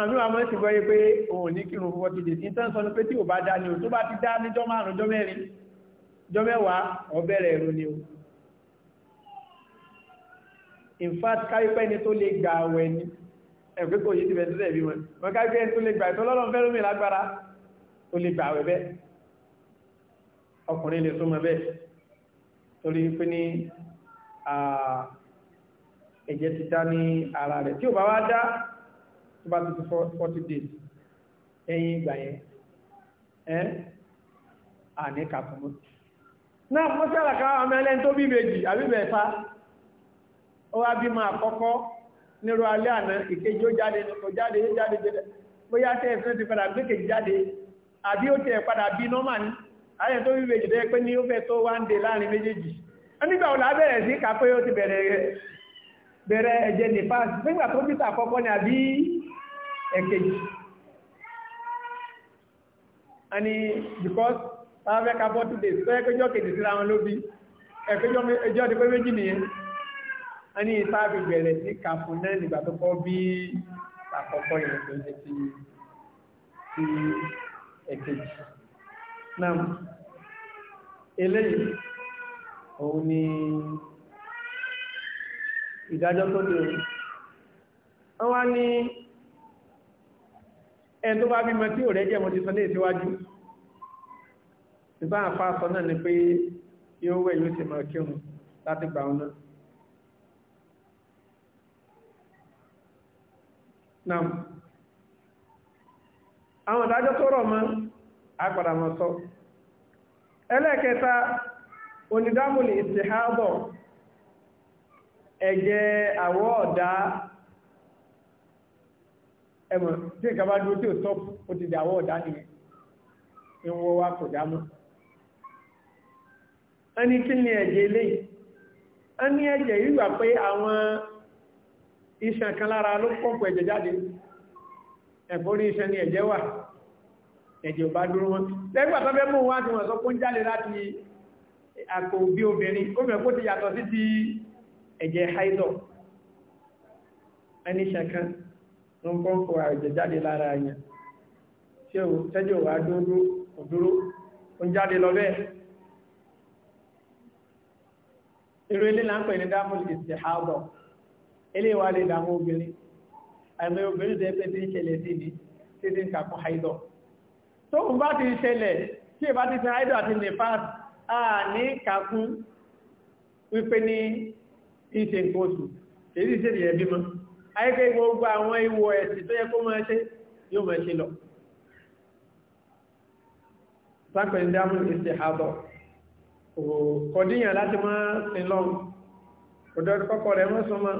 àmì àmọ́ ti gbọ́ yé pé òun ní kírun fún fọ́tí dèjì tán sọ ní pé tí ò bá dá ní o tó bá ti dá ní jọ márùn jọ mẹ́rin jọ mẹ́wàá ọ̀bẹ̀rẹ̀ ẹ̀rù ni o in fact káyípẹ́ ni tó lè gba àwẹ̀ ni ẹ̀fẹ́ kò yìí ti bẹ̀rẹ̀ sílẹ̀ bí wọn wọn káyípẹ́ ni tó lè gba ti ara rẹ̀ tí ò bá wá dá tó bá ti fi forty days ẹ̀yìn ìgbà yẹn ẹ́ àní kàkùnmọ́. náà mo ṣe àlàkà ọmọ ẹlẹ́ni tó bí méjì àbí ó wá bímọ àkọ́kọ́ nírú alẹ́ àná ìkejì ó jáde ó jáde ó jáde jẹ́lẹ̀ bóyá tẹ́ ẹ̀fẹ́ ti padà jáde àbí ó tẹ́ padà bí nọ́mà ní tó bí méjì tẹ́ pé ní ó fẹ́ tó láàrin méjèèjì nígbà sí ó ti bẹ̀rẹ̀ ẹ̀jẹ̀ nípa nígbà tó bí tà ni àbí ẹ̀kejì a ní because tàbí ẹka bọ́ two days tọ́yẹ́ péjọ́ kejì síra wọn ló bí ẹjọ́ ọdún pé méjì nìyẹn a ní tàbí bẹ̀rẹ̀ sí kàfún náà nígbà tó kọ́ bí àkọ́kọ́ yẹn tó jẹ́ ti ti ẹ̀kejì náà eléyìí òun ni ìdájọ́ tó dé wọ́n wá ní ẹni tó bá bí mọ́ tí ò rẹ̀ jẹ́ mọ́ ti sọ ní ìsíwájú ìbá àpá sọ náà ni pé yóò wẹ̀ yóò sì mọ́ kírun láti gbà ọ́nà náà àwọn ìdájọ́ tó rọ̀ mọ́ agbàdà mọ́ sọ ẹlẹ́ẹ̀kẹta ẹ̀jẹ̀ àwọ̀ ọ̀dá ẹmọ tí nǹkan bá dúró tí ò tọ́pù ó ti dàwọ́ ọ̀dá nìyẹn ni wọ́n wá kò dámọ́ a ní kí ni ẹ̀jẹ̀ eléyìí a ní ẹ̀jẹ̀ yíwà pé àwọn iṣan kan lára ló pọ̀pù ẹ̀jẹ̀ jáde ẹ̀bọ́rí iṣan ni ẹ̀jẹ̀ wà ẹ̀jẹ̀ ò bá dúró wọn lẹ́gbà tó fẹ́ mú wá tí wọ́n sọ pé ń jáde láti àpò bí obìnrin ó mẹ́ kó ti yàtọ̀ sí ti ẹ̀jẹ̀ haidọ̀ ẹni ṣàkan ń kọ́ kó àìjẹ̀ jáde lára yẹn tí ò tẹ́jọ́ wà dúró òdúró ó ń jáde lọ bẹ́ẹ̀ irú ilé là ń pè ní dámúlì ìsìhábọ̀ ilé wa lè dàmú obìnrin àìmọ̀ obìnrin tẹ́ pé tí ń ṣẹlẹ̀ sí ni tí ti ń kàkún haidọ̀ tó ń bá ti ṣẹlẹ̀ tí ìbá ti ṣe haidọ̀ àti nefas a ní kàkún wípé ní ìṣe nǹkan oṣù èyí ti ṣe ìyẹ̀bímọ́ ayẹ́kẹ́ gbogbo àwọn ìwọ̀ ẹ̀sì tó yẹ kó máa ṣe yóò máa ṣe lọ sápẹ̀lú dámù ìsẹ̀ àbọ̀ kọ̀díyàn láti máa sin lọ́n ọ̀dọ́ kọ́kọ́ rẹ̀ mọ́ súnmọ́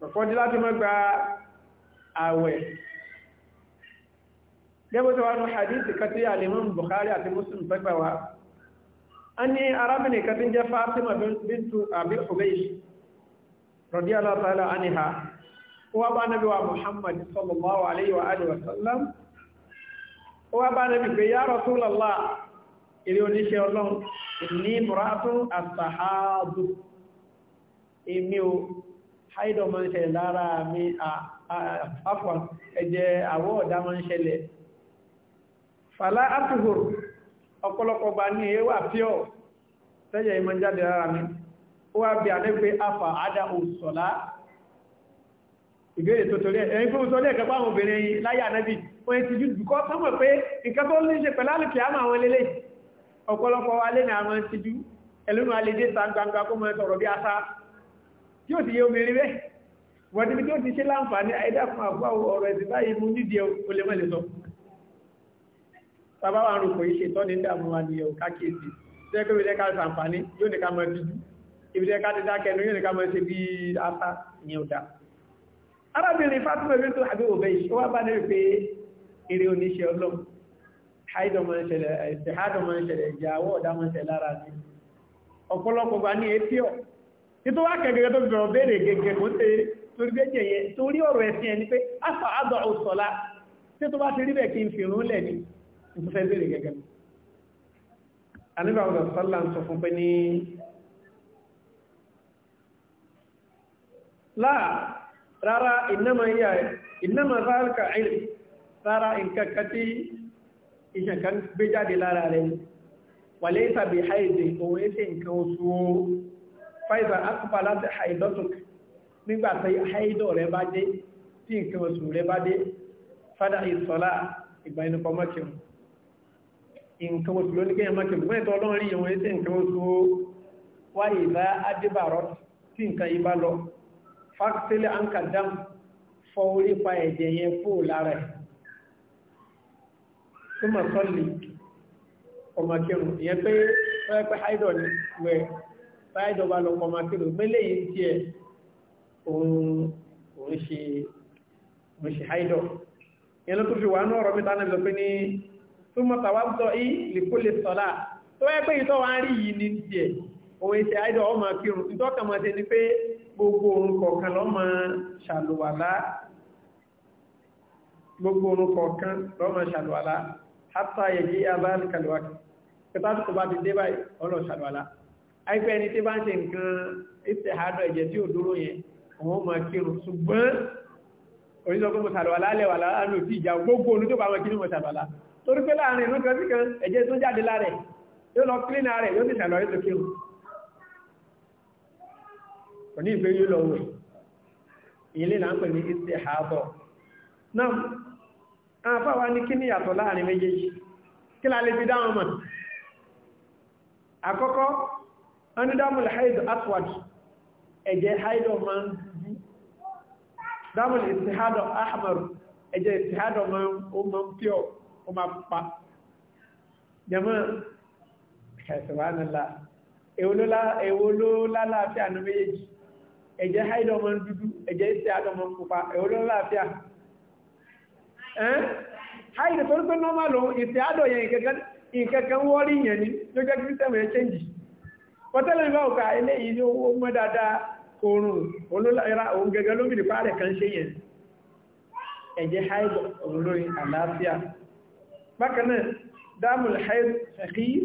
kọ̀kọ́dí láti máa gba àwẹ̀ gẹ́gbẹ́ tó wá ní hadith kàtí alimọ́ Bukhari àti Muslim fẹ́gbà wa a ní arábìnrin kàtí jẹ́ Fatima bintu Abi Hubaysh radiyallahu ta'ala anha ó wá bá nábi wa muhammad sallallahu alayhi wa alihi wa sallam ó wá bá nábi pé ya rasulallah ilé oníṣẹ́ ọlọ́run ní mùrátún àtàhádù èmi o haidọ̀ ma ń ṣẹlẹ̀ lára mi àfà ẹ̀jẹ̀ àwọ̀ ọ̀dá ma ń ṣẹlẹ̀ fàlá àtùhùrù ọ̀pọ̀lọpọ̀ gbà ní ewà píọ̀ tẹ́jẹ̀ ìmọ̀ jáde lára mi ó wá bí àlẹ́gbẹ́ afà àdá òsọ̀lá ìbéèrè tó torí ẹ̀yìn fún òsọ̀lẹ́ ẹ̀kẹ́ pàwọn obìnrin láyé ànábì wọ́n ti jù dùkọ́ sọ́mọ̀ pé nǹkan tó ní ṣe pẹ̀lú àlùkì àmà àwọn lélẹ̀ ọ̀pọ̀lọpọ̀ alẹ́ ní àwọn ti jù ẹlẹ́nu alẹ́dẹ́ ta gbangba kó mọ sọ̀rọ̀ bí ata tí ó ti yé obìnrin bẹ́ẹ̀ wọ́n ti tó ti ṣe láǹfààní àìdá fún àgbà ọ̀rọ̀ ẹ̀sìn báyìí mú nídìí o lè mọ̀lẹ́ sọ tàbá wà ń rò pé ìṣètọ́ ní dààmú wa nìyẹn ò kákìí sí tẹ́kọ̀ọ́ ilẹ̀ ká yóò ní ká mọ ẹbí jù ibi tẹ́ káti dákẹ̀ẹ́nu yóò ní ká mọ́ ṣe bí apá ní ọ̀dá arábìnrin Fatima bintu Abi Ubaysh ó wá bá ní pé eré oníṣẹ́ ọlọ́m haidọ̀ máa ń ṣẹlẹ̀ ìṣẹ̀hádọ̀ máa ń ṣẹlẹ̀ ìjàwó ọ̀dá máa ń ṣẹlẹ̀ lára ní ọ̀pọ̀lọpọ̀ bá ní etíọ̀ títọ́ wá kẹ̀gẹ̀gẹ̀ tó bẹ̀rọ̀ béèrè gẹ̀gẹ̀ kó ṣe torí bẹ́jẹ̀ yẹ torí ọ̀rọ̀ ẹ̀sìn ẹni pé afa sọ́lá ń sọ fún pé ní láà rárá ìnáma yíya ẹ̀ ìnáma záàlùkà ilẹ̀ rárá nǹkan kan tí ìṣẹ̀kan gbé jáde lára rẹ̀ wà lè tàbí haìdè òun ẹ̀ṣẹ̀ nǹkan oṣù o fáìbà akọpa láti haìdọ́tùk nígbàtí haìdọ̀ rẹ̀ bá dé tí nǹkan oṣù rẹ̀ bá dé fádà ìsọ́lá ìgbà ìnupọ̀ mọ́kìrùn nǹkan oṣù ló ní kí ẹmọ́ kìí mẹ́tọ́ ọlọ́rin ìwọ̀n ẹ̀ṣẹ̀ nǹkan oṣù wáyé bá adébàrọ̀ tí fásitìlẹ̀ ankadam fọ orí pa ẹ̀jẹ̀ yẹn fò lára ẹ̀ tó mọ̀ sọ́lì ọmọkírun ìyẹn pé wọ́n pẹ́ haidọ̀ ní wẹ̀ báyìdọ̀ bá lọ ọmọkírun mẹ́lẹ̀ yìí tí ẹ̀ òun ṣe haidọ̀ ìyẹn ló tó fi wà ní ọ̀rọ̀ mẹ́ta náà lọ pé ní tó mọ̀ tàwátọ̀ yìí lè kó lè sọ́lá tó wẹ́ ní tiẹ̀ gbogbo orun kọ̀ọ̀kan ló máa ṣàlùwàlá gbogbo orun kọ̀ọ̀kan ló máa ṣàlùwàlá hátà yẹ̀gí abáàlìkàlùwàkì pẹ̀tàtù kò bá ti dé báyìí ọlọ́ ṣàlùwàlá àìpẹ́ ẹni tí bá ń ṣe nǹkan ìṣẹ̀ àádọ́ ẹ̀jẹ̀ tí ò dúró yẹn àwọn ọmọ akírun ṣùgbọ́n orílọ́gbọ́n mọ̀sàlọ́wàlá lẹ́wàlá lánàá tí ìjà gbogbo olú tó bá wọn kírun mọ̀sàlọ́lá torí pé láàrin inú kan sí kan ẹ̀jẹ̀ tó jáde láàrẹ̀ yóò lọ kílínà rẹ̀ yóò sì ṣàlọ́ kò ní ìgbé yóò lọ́wọ́ ilé là ń pè ní istihadọ náà àfáwà ní kí ní ìyàtọ̀ láàrin méjèèjì kí la lè fi dáhùn mọ̀ àkọ́kọ́ anidámùl haidu aswad ẹ̀jẹ̀ haidu ma ń dúdú dámùl istihadọ ahmaru ẹ̀jẹ̀ istihadọ ma ń píọ̀ ó ma pa jẹmọ́ ẹ̀sùn wà nílá èwo ní méjèèjì ẹ̀jẹ̀ haidọ̀ ọmọ dúdú ẹ̀jẹ̀ ìsẹ̀ àdọmọ pupa ẹ̀wọ́ ló láàfíà haidọ̀ tó ń pé normal lòun ìsẹ̀ àdọ̀ yẹn ìkẹ́kẹ́ wọ́rí yẹn ni ló jẹ́ christian change pọ̀tẹ́lẹ̀ nígbà òkà eléyìí ní owó mọ́ dáadáa oorun olóra òun gẹ́gẹ́ lómìnì pààrẹ̀ kan ṣe yẹn ẹ̀jẹ̀ haidọ̀ òun lórí àlàáfíà ṣàkíyí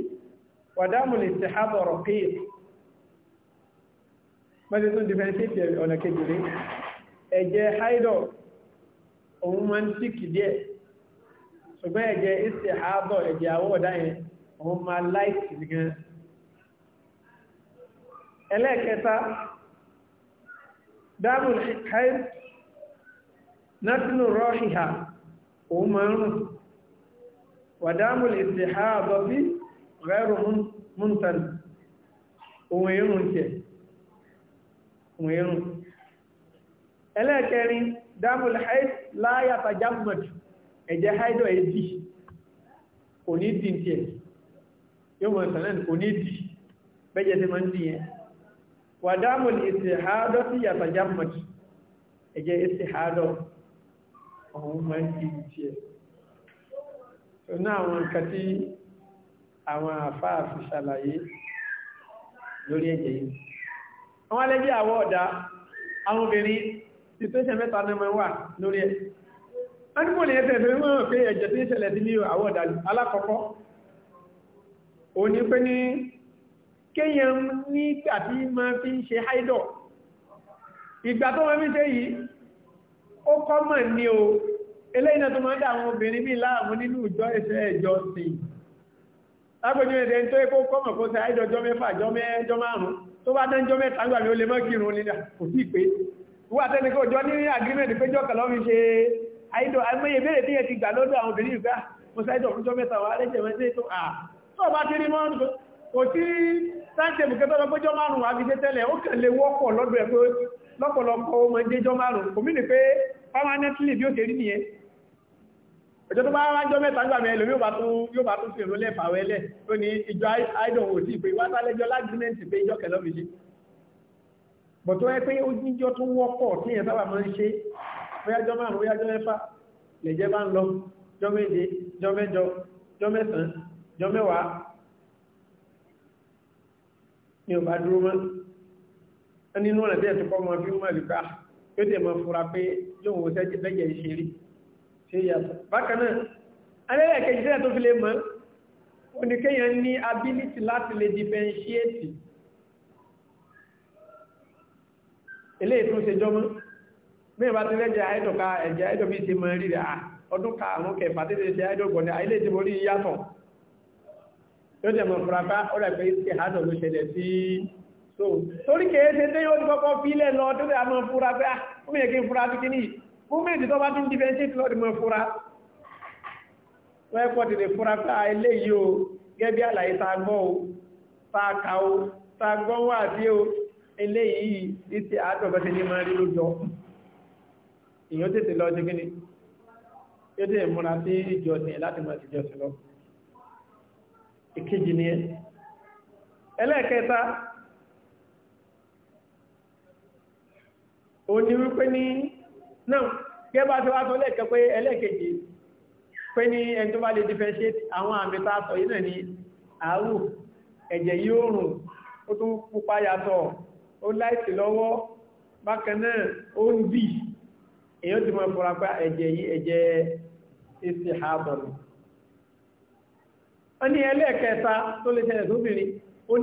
wà dáàmù lè ṣe bọ́sí tún differentiate ọ̀nà kejì rí ẹ̀jẹ̀ haidọ̀ òun máa ń tíkì díẹ̀ ṣùgbọ́n ẹ̀jẹ̀ istihadọ̀ ẹ̀jẹ̀ àwọ̀dá yẹn òun máa láìsì gan ẹlẹ́ẹ̀kẹta dáàmùn haid nátínú rọ́hìhà òun máa ń rùn wà dáàmùn istihadọ̀ bí rẹ́rùn múntàn òun èrùn tiẹ̀ kùn irun ẹlẹ́ẹ̀kẹrin damul haid láyàtà jamus ẹ̀jẹ̀ haidọ̀ èdì kò ní dì tí ẹ̀ yóò mọ̀ sànẹ́ kò ní dì bẹ́jẹ̀ tí ma ń dìyẹn wà damul ìsìhádọ́ sí yàtà jamus ẹ̀jẹ̀ ìsìhádọ́ ọ̀hún ma ń dì tí ẹ̀ lórí ẹ̀jẹ̀ yìí àwọn alẹ́jẹ́ àwọ́ ọ̀dá àwọn obìnrin situation mẹ́ta nẹ́mọ̀ wà lórí ẹ̀. wọ́n ní mò lè ẹ̀fẹ́ fẹ́ mọ́ pé ẹ̀jẹ̀ tí ń ṣẹlẹ̀ sí ní àwọ́ ọ̀dá alákọ̀ọ́kọ́ o ní pé ní kéyàn ní àti ma fi ń ṣe haidọ̀ ìgbà tó wọ́n fi ṣe yìí ó kọ́ mọ̀ ní o eléyìí náà tó máa ń dá àwọn obìnrin bí láàmú nínú ìjọ ìṣẹ́ lágbèjú ẹ̀dẹ̀ tó ẹkọ́ kọ́mọ̀ kó sáà ìjọ mẹ́fà jọ márùn-ún tó bá dánjọ mẹ́ta gbà ní ó lè mọ́ kírun ní kò sí pé wà tẹ́ni kó jọ ní agreement pé jọ́kà lọ́mí ṣe àìdọ̀ àìmọye bẹ́rẹ̀ tí yẹ ti gbà lọ́dọ̀ àwọn obìnrin ìgbà mo sáà ìjọ fún jọ mẹ́ta wà lẹ́jẹ̀ mẹ́tẹ́ tó à tó bá ti rí mọ́ kò sí sáńtẹ̀ bùkẹ́tọ́ lọ péjọ márùn-ún àfi ṣe tẹ́lẹ̀ ó kàn lè wọ́pọ̀ lọ́dọ̀ ẹ̀ pé lọ́pọ̀lọpọ̀ ó mọ jẹ́jọ márùn-ún kò mí ní pé permanently bí ó ṣe rí nìyẹn ọjọ́ tó bá rájọ́ mẹ́ta gbàmí ẹlòmí yóò bá tún fi ìrọlẹ́ ìfàwẹ́lẹ̀ tó ní ìjọ idol ò sí pé wátálẹ́jọ́ lágbímẹ́ǹtì pé ìjọ kẹlọ́ fi ṣe bọ̀ tó ẹ́ pé ó jíjọ tó wọ́pọ̀ tí yẹn sábà máa ń ṣe bóyájọ́ márùn bóyájọ́ mẹ́fà lẹ̀jẹ́ bá ń lọ jọ méje jọ mẹ́jọ jọ mẹ́sàn jọ mẹ́wàá ni ò bá dúró mọ́ nínú ọ̀nà bí ẹ̀ tó kọ́ mọ́ fí mọ́ ah, ìlú ká yóò tí ó yàtọ̀ bákan náà alẹ́lẹ́kẹ̀ẹ́jì tẹ́lẹ̀ tó fi lè mọ́ oníkẹ́yàn ní ability láti lè differentiate ilé ìtúnṣe jọmọ́ mẹ́rin bá ti lẹ́jẹ̀ àìdọ̀ká ẹ̀jẹ̀ àìdọ̀ bí ti mọ̀ rí rẹ̀ ọdún karùn-ún kẹfà tẹ́lẹ̀ ṣe àìdọ̀ gbọ̀nà ilé ìdìbò rí yàtọ̀ yóò jẹ́ mọ̀ fúrapá ó rẹ̀ pé ṣe àádọ̀ ló ṣẹlẹ̀ sí so torí kèé ṣe tẹ́yọ́ ti kọ́kọ́ fílẹ̀ lọ tó múmìnì tó bá tún jí fẹ́ ṣe tí lọ́dí mọ́ fúra wọ́n pọ̀ tèrè fúra tá eléyìí o gẹ́bí àlàyé tàgbọ́ o tàkà o tàgbọ́ wà sí o eléyìí ìtì àtọ̀bẹ̀tẹ̀ ní máa rí lójọ èyàn tètè ni náà gẹ́gẹ́ bá ṣe wá sọ lẹ́ẹ̀kẹ́ pé ẹlẹ́ẹ̀kejì pé ní ẹni tó bá lè differentiate àwọn àmì tá a sọ yìí náà ni àárò ẹ̀jẹ̀ yìí ó rùn ó tún pupa yàtọ̀ ó láìsí lọ́wọ́ bákan náà ó ń bì èyàn ti mọ̀ fọ́ra pé ẹ̀jẹ̀ yìí ẹ̀jẹ̀ èsì ààbọ̀ ni mọ́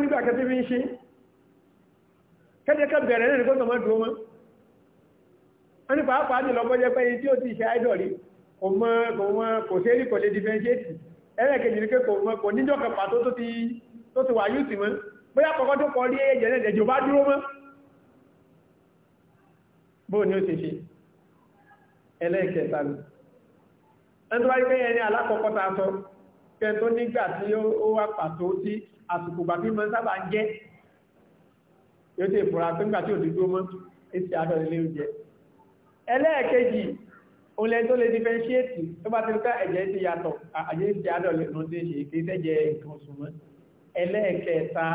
nígbà kẹ́dẹ́kẹ́ bẹ̀rẹ̀ náà nìkan tọmọ dùn wọn wọn ní pàápàá ní lọ́gbọ́n jẹ́ pé tí ó ti ṣe àìdọ̀rí kò mọ kò mọ kò ṣe rí kò lè differentiate ẹlẹ́kẹ̀jì ní pé kò mọ kò níjọ́ kan tó ti wà yúùtì mọ́ bóyá kọ́kọ́ tó kọ rí ẹ̀jẹ̀ ẹ̀jẹ̀ bá dúró mọ́ ni ó ti ṣe ẹlẹ́kẹ̀ẹ́ta ni ẹni tó wáyé pé ẹni yóò tẹ ìfura pé nígbà tí ò dídó mọ́ èsì àdọ̀ ilé oúnjẹ ẹlẹ́ẹ̀kejì olè tó lè dífẹ́ṣíẹ́tì tó bá ti ká ẹ̀jẹ̀ ti yàtọ̀ àjẹ́ ti àdọ̀ lè nù dé ṣe kí sẹ́jẹ̀ nǹkan oṣù mọ́ ẹlẹ́ẹ̀kẹta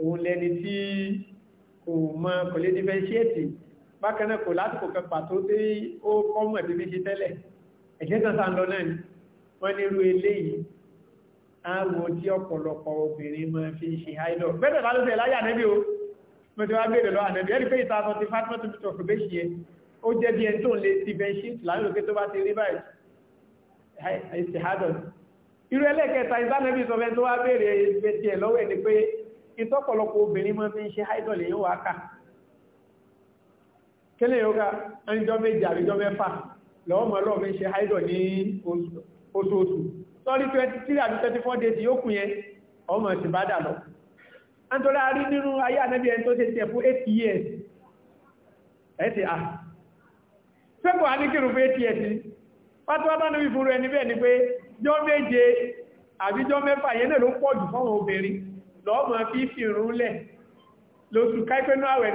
òun ṣe tẹ́lẹ̀ ẹ̀jẹ̀ kan sáà ń lọ náà ni wọ́n ní irú eléyìí àwọn tí ọ̀pọ̀lọpọ̀ obìnrin máa fi ṣe háìdọ̀ mẹ́tí wá bèèrè lọ ànẹ́bí ẹ̀rí pé ìta àtọ́tí Fatima tó bìtọ̀ fún bẹ́ṣì yẹn ó jẹ́ bí ẹni tó ń lè ti bẹ́ṣíìtì lálùkẹ́ tó bá ti rí báyìí ẹ̀sì hádọ̀ irú ẹlẹ́kẹta ìsánẹ́bí sọ fẹ́ tó wá bèèrè ìbẹ̀tì ẹ̀ lọ́wọ́ ẹni pé ìtọ́pọ̀lọpọ̀ obìnrin mọ́ fi ń ṣe háìdọ̀lì yóò wá kà kílẹ̀ yóò ká ẹnjọ́ méjì àbíjọ́ mẹ́fà lọ́wọ́ mọ́ ń tó láàrí nínú ayé ànẹ́bí ẹni tó ṣe jẹ fún 8 years ẹ̀ẹ́sì à sẹ́kọ̀ọ́ aníkìrù fún 8 years pátí wọ́n bá níbi fún ẹni bẹ́ẹ̀ ni pé jọ méje àbí jọ mẹ́fà yẹn náà ló pọ̀ jù fọ́wọ́ obìnrin lọ́ọ̀mọ̀ fi fi rún lẹ̀ lóṣù káìpẹ́nú àwẹ̀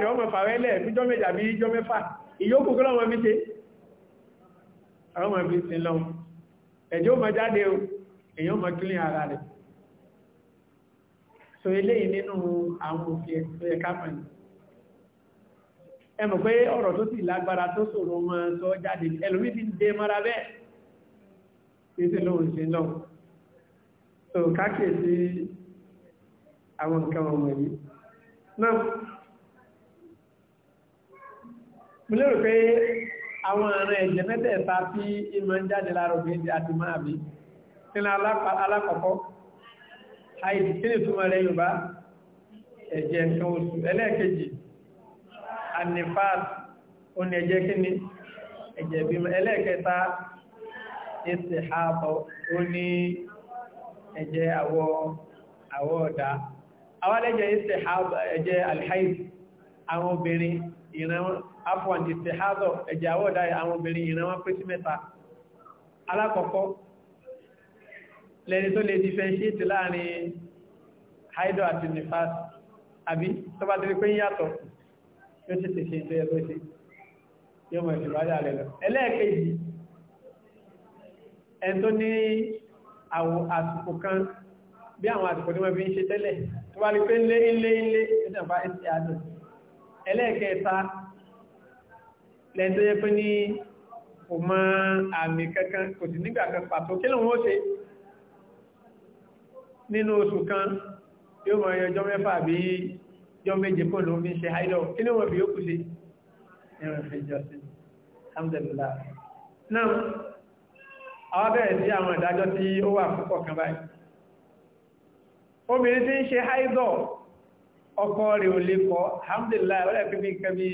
ni ọmọ so eléyìí nínú àwọn òfin ẹ̀kọ́ ẹ̀ká pẹ̀lú ẹmọ̀ pé ọ̀rọ̀ tó sì lágbára tó sọ̀rọ̀ wọn sọ jáde ẹlòmí ti dé mara bẹ́ẹ̀ tí sí lóhun ṣe lọ so káàkiri sí àwọn nǹkan ọmọ yìí náà mo lérò pé àwọn àrùn ẹ̀jẹ̀ mẹ́tẹ̀ẹ̀ta tí ìmọ̀ ń jáde lára òbí àti máa bí nínú alákọ̀ọ́kọ́ àìdí kí ni túnmọ̀ rẹ̀ yorùbá ẹ̀jẹ̀ nǹkan oṣù ẹlẹ́ẹ̀kejì anifas ó ní ẹ̀jẹ̀ kí ni ẹ̀jẹ̀ ìbímọ ẹlẹ́ẹ̀kẹta ẹsẹ̀ ààbọ̀ ó ní ẹ̀jẹ̀ àwọ̀ àwọ̀ ọ̀dá awálẹ́jẹ̀ ẹsẹ̀ ààbọ̀ ẹ̀jẹ̀ alhaid àwọn obìnrin ìran afọ̀ ẹ̀jẹ̀ àwọ̀ ọ̀dá àwọn obìnrin ìran wọn pẹ́ sí mẹ́ta alákọ̀ọ́kọ́ lẹ́ni tó lè differentiate láàrin haido àti nifas àbí tó bá tẹ́lẹ̀ pé ń yàtọ̀ yóò ti tẹ̀ṣe tó yẹ tó ṣe yóò mọ̀ ìṣèwádà rẹ̀ lọ ẹlẹ́ẹ̀kejì ẹni tó ní àwọn àsìkò kan bí àwọn àsìkò tí wọ́n fi ń ṣe tẹ́lẹ̀ tó bá rí pé ń lé ń lé ń lé ìjọba ẹ̀sì àdùn ẹlẹ́ẹ̀kẹta lẹ́ni tó yẹ pé ní kò mọ àmì kankan kò sì nígbà kan pàtó kí lóun ó ṣe nínú oṣù kan yóò mọ̀ ẹyọ jọ mẹ́fà bí jọ méje kó ló ń fi ṣe àìdọ̀ kí ni wọ́n fi yókù sí ẹran fi jọ sí alhamdulillah náà àwọn bẹ̀rẹ̀ sí àwọn ìdájọ́ tí ó wà púpọ̀ kan báyìí obìnrin tí ń ṣe àìdọ̀ ọkọ rẹ̀ ò lè kọ́ alhamdulillah ọ̀rẹ́ fi fi nǹkan bí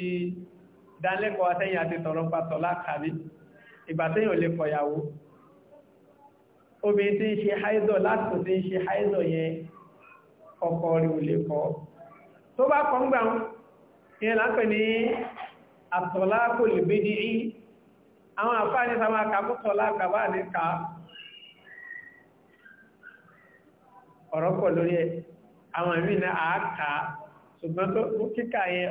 dánlẹ́kọ̀ọ́ àtẹ́yìn obìnrin tí ń ṣe haizọ̀ láti tí ń ṣe haizọ̀ yẹn ọkọ rí ò lè kọ́ tó bá kọ́ ń gbà ń yẹn lápẹ̀ ní àtọ̀lá kò lè bí ní í àwọn àfáà ní sáwọn akàkútọ̀lá àkàbà ní ká ọ̀rọ̀ pọ̀ lórí ẹ̀ àwọn ìrìn àákà ṣùgbọ́n tó kíkà yẹn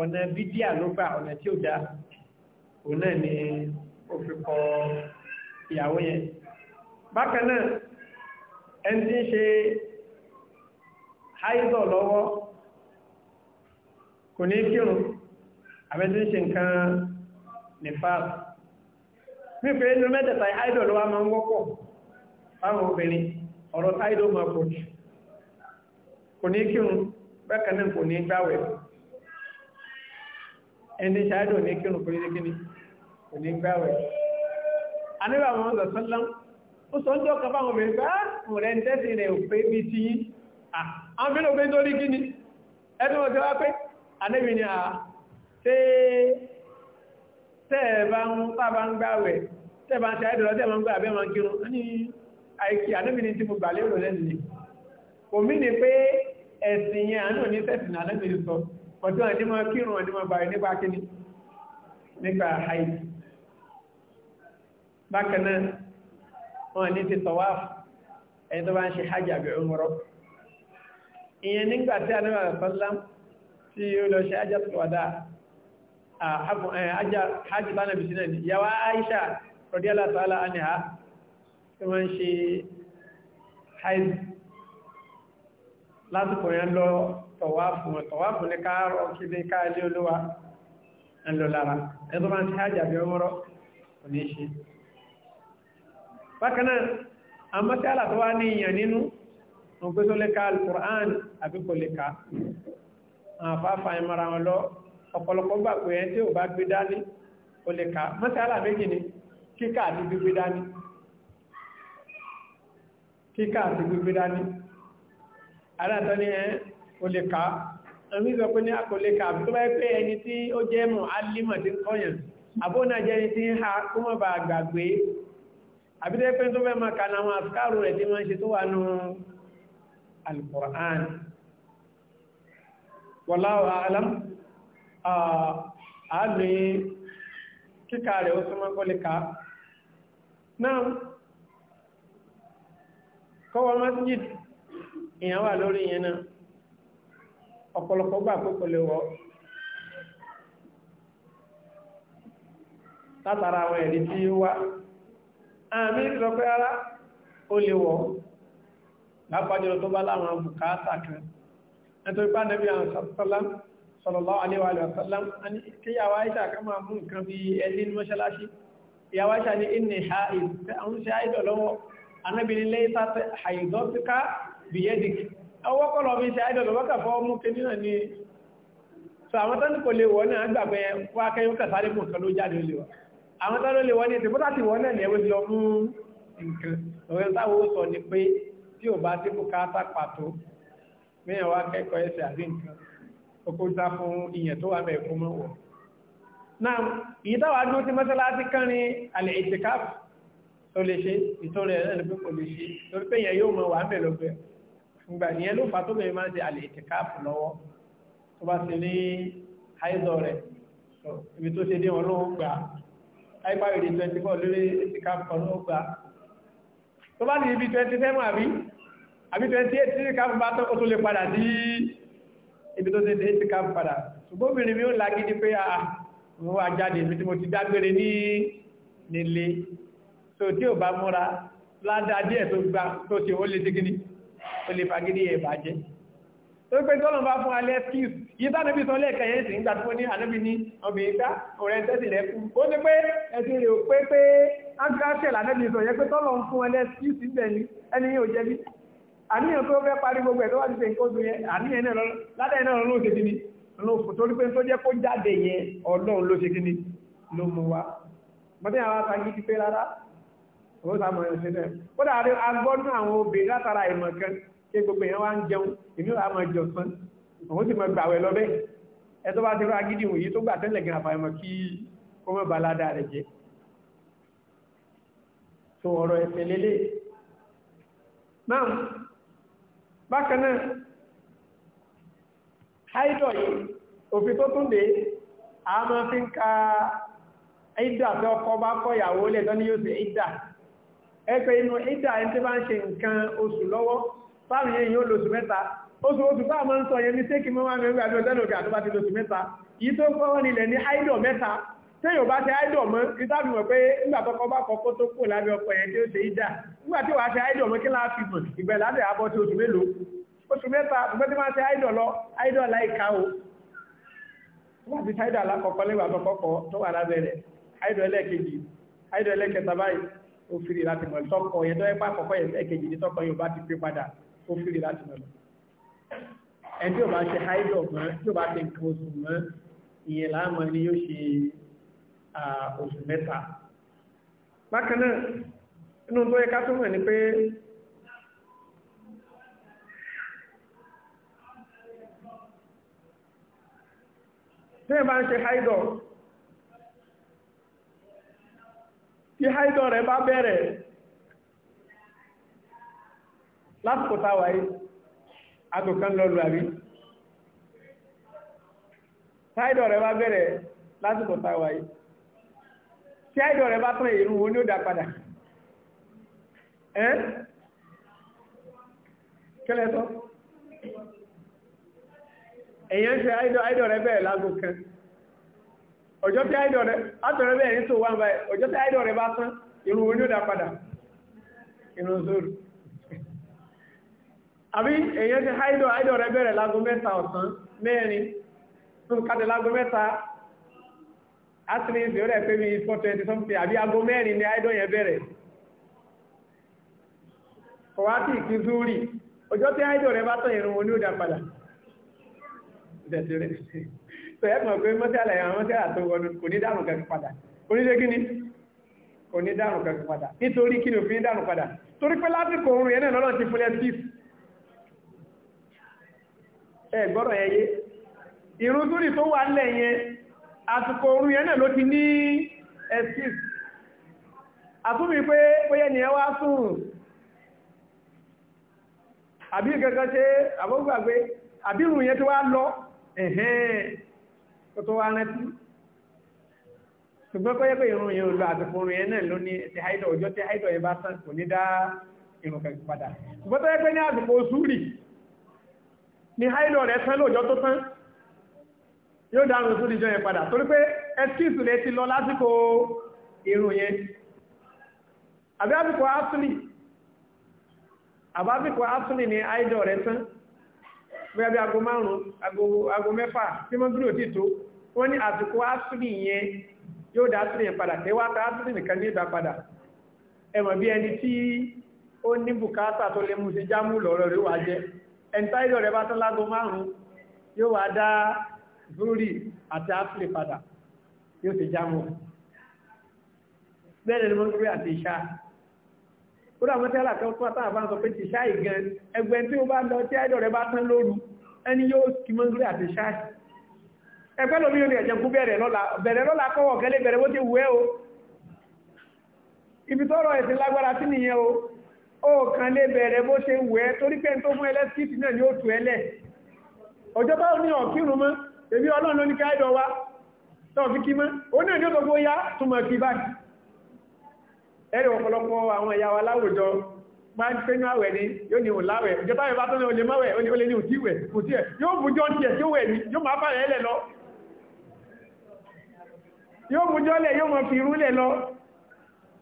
ọ̀nà bídíà ló gbà ọ̀nà tí ó dá òun náà ni ó fi kọ ìyàwó yẹn bákan ẹni tí ń ṣe haidọ̀ lọ́wọ́ kò ní kírun àbẹ́tí ń ṣe nǹkan nifas wípé inú mẹ́tẹ̀ta haidọ̀ lọ́wọ́ máa ń wọ́pọ̀ fáwọn obìnrin ọ̀rọ̀ haidọ̀ pọ̀ jù kò ní kò ní gbáwẹ̀ ẹni ṣe ní ó sọ ń jọ kan fáwọn obìnrin pé mo rẹ̀ ń tẹ́sí rẹ̀ ò pé bí ti yí àwọn mìíràn pé nítorí kí ni ẹni wọ́n ti wá pé anẹ́bì ni àá tẹ́ tẹ́ẹ̀bá ń pàbá ń gbáwẹ̀ tẹ́ẹ̀bá ń ṣe tẹ́ẹ̀bá ń gbà bẹ́ẹ̀ máa kírun ní àìkí anẹ́bì ni tí mo ni kò ni pé ẹ̀sìn yẹn àánú wọn ní ti tawaf ẹni tó bá ń ṣe hajj àbí umra ìyẹn nígbà tí a níwà sọ́lám tí yóò lọ ṣe ajá tó wàdá hajj bá nàbì sílẹ̀ yàwá Aisha rọ̀díàlá tààlà àníhà tí wọ́n ń ṣe hajj lásìkò yẹn lọ tọ̀wáfù wọn tọ̀wáfù ní káàrọ̀ kí ní káàlé olówá lọ lára ẹni tó bá ń ṣe hajj àbí umra kò ní ṣe bákanáà àmọ́síálà tó wá ní ìyàn nínú ọgbé tó lẹ́ka al-Qur'an àbíkò lẹ́ka àfáfà ìmọ̀ra wọn lọ ọ̀pọ̀lọpọ̀ gbà pé ẹni tí ó bá gbé dání ó lẹ́ka mọ́síálà méjì ni kíkà àti gbígbé dání kíkà àti gbígbé dání aláàtọ́ ní ẹ sọ pé ní àkó lẹ́ka àbí tó bá pé ẹni tí ó jẹ́ mọ̀ alímọ̀ tí kọ́yàn àbónà tí ń ha kó mọ̀ bá gbàgbé àbídẹ́ pé tó fẹ́ máa kàná àwọn àfikáàrù rẹ̀ tí wọ́n ṣe tó wà nù alìkọ̀rán wallahu a'lam ààbì kíkà rẹ̀ ó súnmọ́ kọ́ lè ká náà kọwọ́ masjid ìyàn wà lórí ìyẹn náà ọ̀pọ̀lọpọ̀ gbà púpọ̀ lè wọ́ látara àwọn ẹ̀rí tí ó wá àmì ìlọ pé ara ó lè wọ́ lápájọ́ tó bá láwọn bùkátà kan nítorí bá nẹ́bí àwọn sọ́lọ́lá sallallahu alaihi wa sallam an ti yawa aisha kama mun kan bi elin mashalashi yawa aisha ni inni haid ta an shi haid olowo anabi ni laysa haidotika bi yadik awo ko lo bi shi haid olowo ka fo mu kini na àwọn tan ko le wona agba pe wa kan yo kan lo jáde le wa àwọn tọ́lọ́ lè wọ́n ní ìsìnkú láti wọ́n náà lẹ́wọ́ lọ fún nǹkan ọ̀rẹ́ táwọn ó sọ ni pé tí ò bá sí bùkátà pàtó mẹ́yàn wá kẹ́kọ̀ọ́ ẹsẹ̀ àbí nǹkan oko sá fún ìyẹn tó wà bẹ̀ fún mọ́ wọ̀ náà ìyí táwà dúró sí mọ́sálásí kánrin àlẹ́ ìtìkáf tó lè ṣe ìtọ́rẹ̀ rẹ̀ lè pé kò lè ṣe torí pé ìyẹn yóò mọ wà ń bẹ̀ lọ́gbẹ̀ẹ́ ìgbà nìyẹn ló fà tó bẹ̀rẹ̀ máa ń ṣe àlè lọ́wọ́ tó bá ṣe ní àìsàn rẹ̀ ibi tó ṣe dé wọn gbà àìpáwé di twenty four lórí ìka kan ló gbà tó bá di ibi twenty seven àbí àbí twenty eight tí ìka bá tó tó lè padà sí ibi tó ṣe dé ìka padà ṣùgbọ́n obìnrin mi ó lágídí pé a ah, mo wá jáde ibi tí mo ti dágbére ní nílé tó tí ò bá múra ládàá díẹ̀ tó gbà tó ṣe ó lè pé tọ́lọ̀ bá fún alẹ́ skills yìí tá níbi sọlẹ̀ ẹ̀kẹ́ yẹn sì ń gbà tó ní ànábì ní ọbẹ̀ ìgbà ọ̀rẹ́ tẹ́sì rẹ̀ kú ó ní pé ẹ̀sìn rẹ̀ pé pé ángíráṣẹ̀ lànàbì sọ yẹ pé tọ́lọ̀ ń fún alẹ́ skills ń bẹ̀ ní ẹni yóò jẹ́ bí àníyàn tó fẹ́ parí gbogbo ẹ̀ tó wà ti ṣe nǹkan oṣù ṣé gbogbo èèyàn wá ń jẹun èmi wà á máa jẹun sán àwọn sì máa gbàwẹ̀ lọ bẹ́ẹ̀ ẹ tó bá ti rọ agídí wòye tó gbà tẹ́lẹ̀ gan àfàìmọ̀ kí kó mọ̀ balada rẹ̀ jẹ́ tó ọ̀rọ̀ ẹ̀sẹ̀ lélẹ̀ náà bákan náà haidọ̀ yìí òfin tó tún dé a máa fi ń ka ìdà tó ọkọ bá kọ ìyàwó lẹ̀ tán ni yóò ṣe ìdà ẹ pé inú ìdà ẹni tí bá ń ṣe nǹkan oṣù lọ́wọ́ fáwọn èèyàn yóò lóṣù mẹ́ta oṣooṣù bá máa ń sọ yẹn ní tẹ́kì mọ́ máa ń rẹ̀ àjọ́jẹ́lò kí àtúbá ti lóṣù mẹ́ta yìí tó kọ́ nílẹ̀ ní áìdọ̀ mẹ́ta tẹ́ yóò bá tẹ áìdọ̀ mọ́ ìtàbí mọ̀ pé nígbàtọ́kọ́ bá kọ́kọ́ tó kù lábẹ́ ọkọ̀ yẹn tí ó ṣe áìdọ̀ mọ́ kí láà fi ó fìrì láti mọ̀ ẹni tí ó bá ṣe haidọ̀ mọ́ tí ó bá ṣe nǹkan oṣù mọ́ ìyẹn láàmọ́ ni yóò ṣe oṣù mẹ́ta bákan inú tó yẹ ká tó mọ̀ ni pé tí ẹ bá ń ṣe haidọ̀ tí haidọ̀ rẹ̀ bá bẹ̀rẹ̀ lásìkò táwà yìí agbòkan lọ lùwàrí ṣáìdọ̀ rẹ̀ bá bẹ̀rẹ̀ lásìkò táwà yìí ṣáìdọ̀ rẹ̀ bá tán èrú wo ní ó dá padà ẹ́ kẹ́lẹ̀ èyàn ṣe àìdọ̀ rẹ̀ bẹ̀rẹ̀ lágbòkan ọjọ́ tí àìdọ̀ rẹ̀ bẹ̀rẹ̀ ní tó wà ń báyìí ọjọ́ tí àìdọ̀ rẹ̀ bá tán èrú ó dá padà ìrùn àbí èyàn ti haido haido rẹ bẹ̀rẹ̀ lágo mẹ́ta ọ̀sán mẹ́rin tún kàtẹ̀ lágo mẹ́ta atìlẹ́sì rẹ̀ pé mi 420 something àbí ago mẹ́rin ni haido yẹn bẹ̀rẹ̀ kọ̀wátì kí zúrì ọjọ́ tí haido rẹ bá tán ìrún oní òdà padà tẹ̀sẹ̀rẹ̀ tó yẹ kàn pé mọ́sílẹ̀ àwọn mọ́sílẹ̀ tó wọnú kò ní dànù kẹ́kẹ́ padà kò ní dégíní kò ní dànù kẹ́kẹ́ padà nítorí kí ni òfin dànù padà torí pé lásìkò oorun yẹn náà lọ́nà ti fúnlẹ̀ 6 ẹ ẹyẹ. irun tó rí tó wà nílẹ̀ yẹn àsìkò orun yẹn náà ló ti ní excuse àtúnbí pé ni ẹ wá sùn àbí gẹ́gẹ́ ṣe àbúgbàgbé àbí irun yẹn tó wá lọ ẹ̀hẹ́n tó tó wá rántí ṣùgbọ́n kọ́yẹ́ pé irun yẹn lọ àti fún yẹn náà ló ní ọjọ́ ni hailo rẹ̀ tán lóòjọ́ tó tán yóò dárùn tó dìjọ yẹn padà torí pé lè ti lọ lásìkò irun yẹn àbí àsìkò asùlì àbásìkò ni hailo rẹ̀ tán bí abẹ́ márùn-ún ago mẹ́fà tí mọ́ dúró tí tó wọ́n ní àsìkò asùlì yẹn yóò yẹn padà ẹ̀ntáìdọ̀ rẹ̀ bá tán lágó márùn-ún yóò wá dá zúrì àti áfìlì padà yóò ti já wọn bẹ́ẹ̀ ni wọ́n ń pè àti ìṣá ó dà mọ́tí àlàkẹ́ ó tún àtàn àbá ń sọ pé ti ṣá ìgan ẹgbẹ́ tí ó bá lọ tí àìdọ̀ rẹ̀ bá tán lóru ẹni yóò ó kàn lè bẹ̀rẹ̀ bó ṣe wù ẹ́ torí pé tó fún ẹlẹ́sìtì náà ni ó tù ẹlẹ̀ ọjọ́ bá ní ọ̀kírùn mọ́ èbí ọlọ́run ní káìdọ̀ wá tọ́ọ̀fí kí mọ́ ó náà ní ó gbogbo yá túnmọ̀ kí báyìí ẹ̀rì ọ̀pọ̀lọpọ̀ àwọn ẹ̀yà wa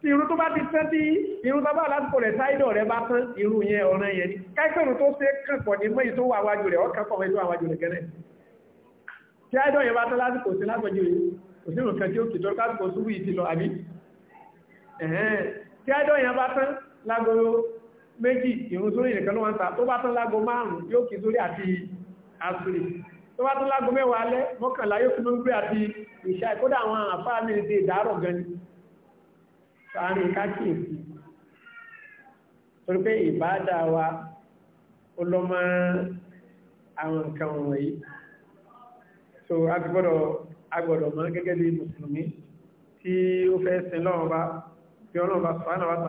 tí irú tó bá ti tán tí irú tó bá lásìkò rẹ̀ sáìdọ̀ rẹ̀ bá tán irú yẹn ọ̀ràn yẹn ni káìsẹ̀rù tó ṣe kànkọ̀ ní mọ́ ìtò wà wájú rẹ̀ ọkàn kọ̀wé tó wà wájú rẹ̀ gẹ́rẹ́ tí àìdọ̀ yẹn bá tán lásìkò sí lágbàjú rẹ̀ kò sí nǹkan tí ó kìtọ́ lásìkò súbú yìí ti lọ àbí tí àìdọ̀ yẹn bá tán lágo méjì irun sórí nìkan ló wá ń ta tó bá tán lágo sáré kákìsì torí pé ìbáàdà wa ó lọ mọ́ àwọn nǹkan wọ̀nyí so a gbọ́dọ̀ agbọ́dọ̀ mọ́ gẹ́gẹ́ bí mùsùlùmí tí ó fẹ́ sin lọ́wọ́ bá tí ọlọ́wọ́ bá sọ́nà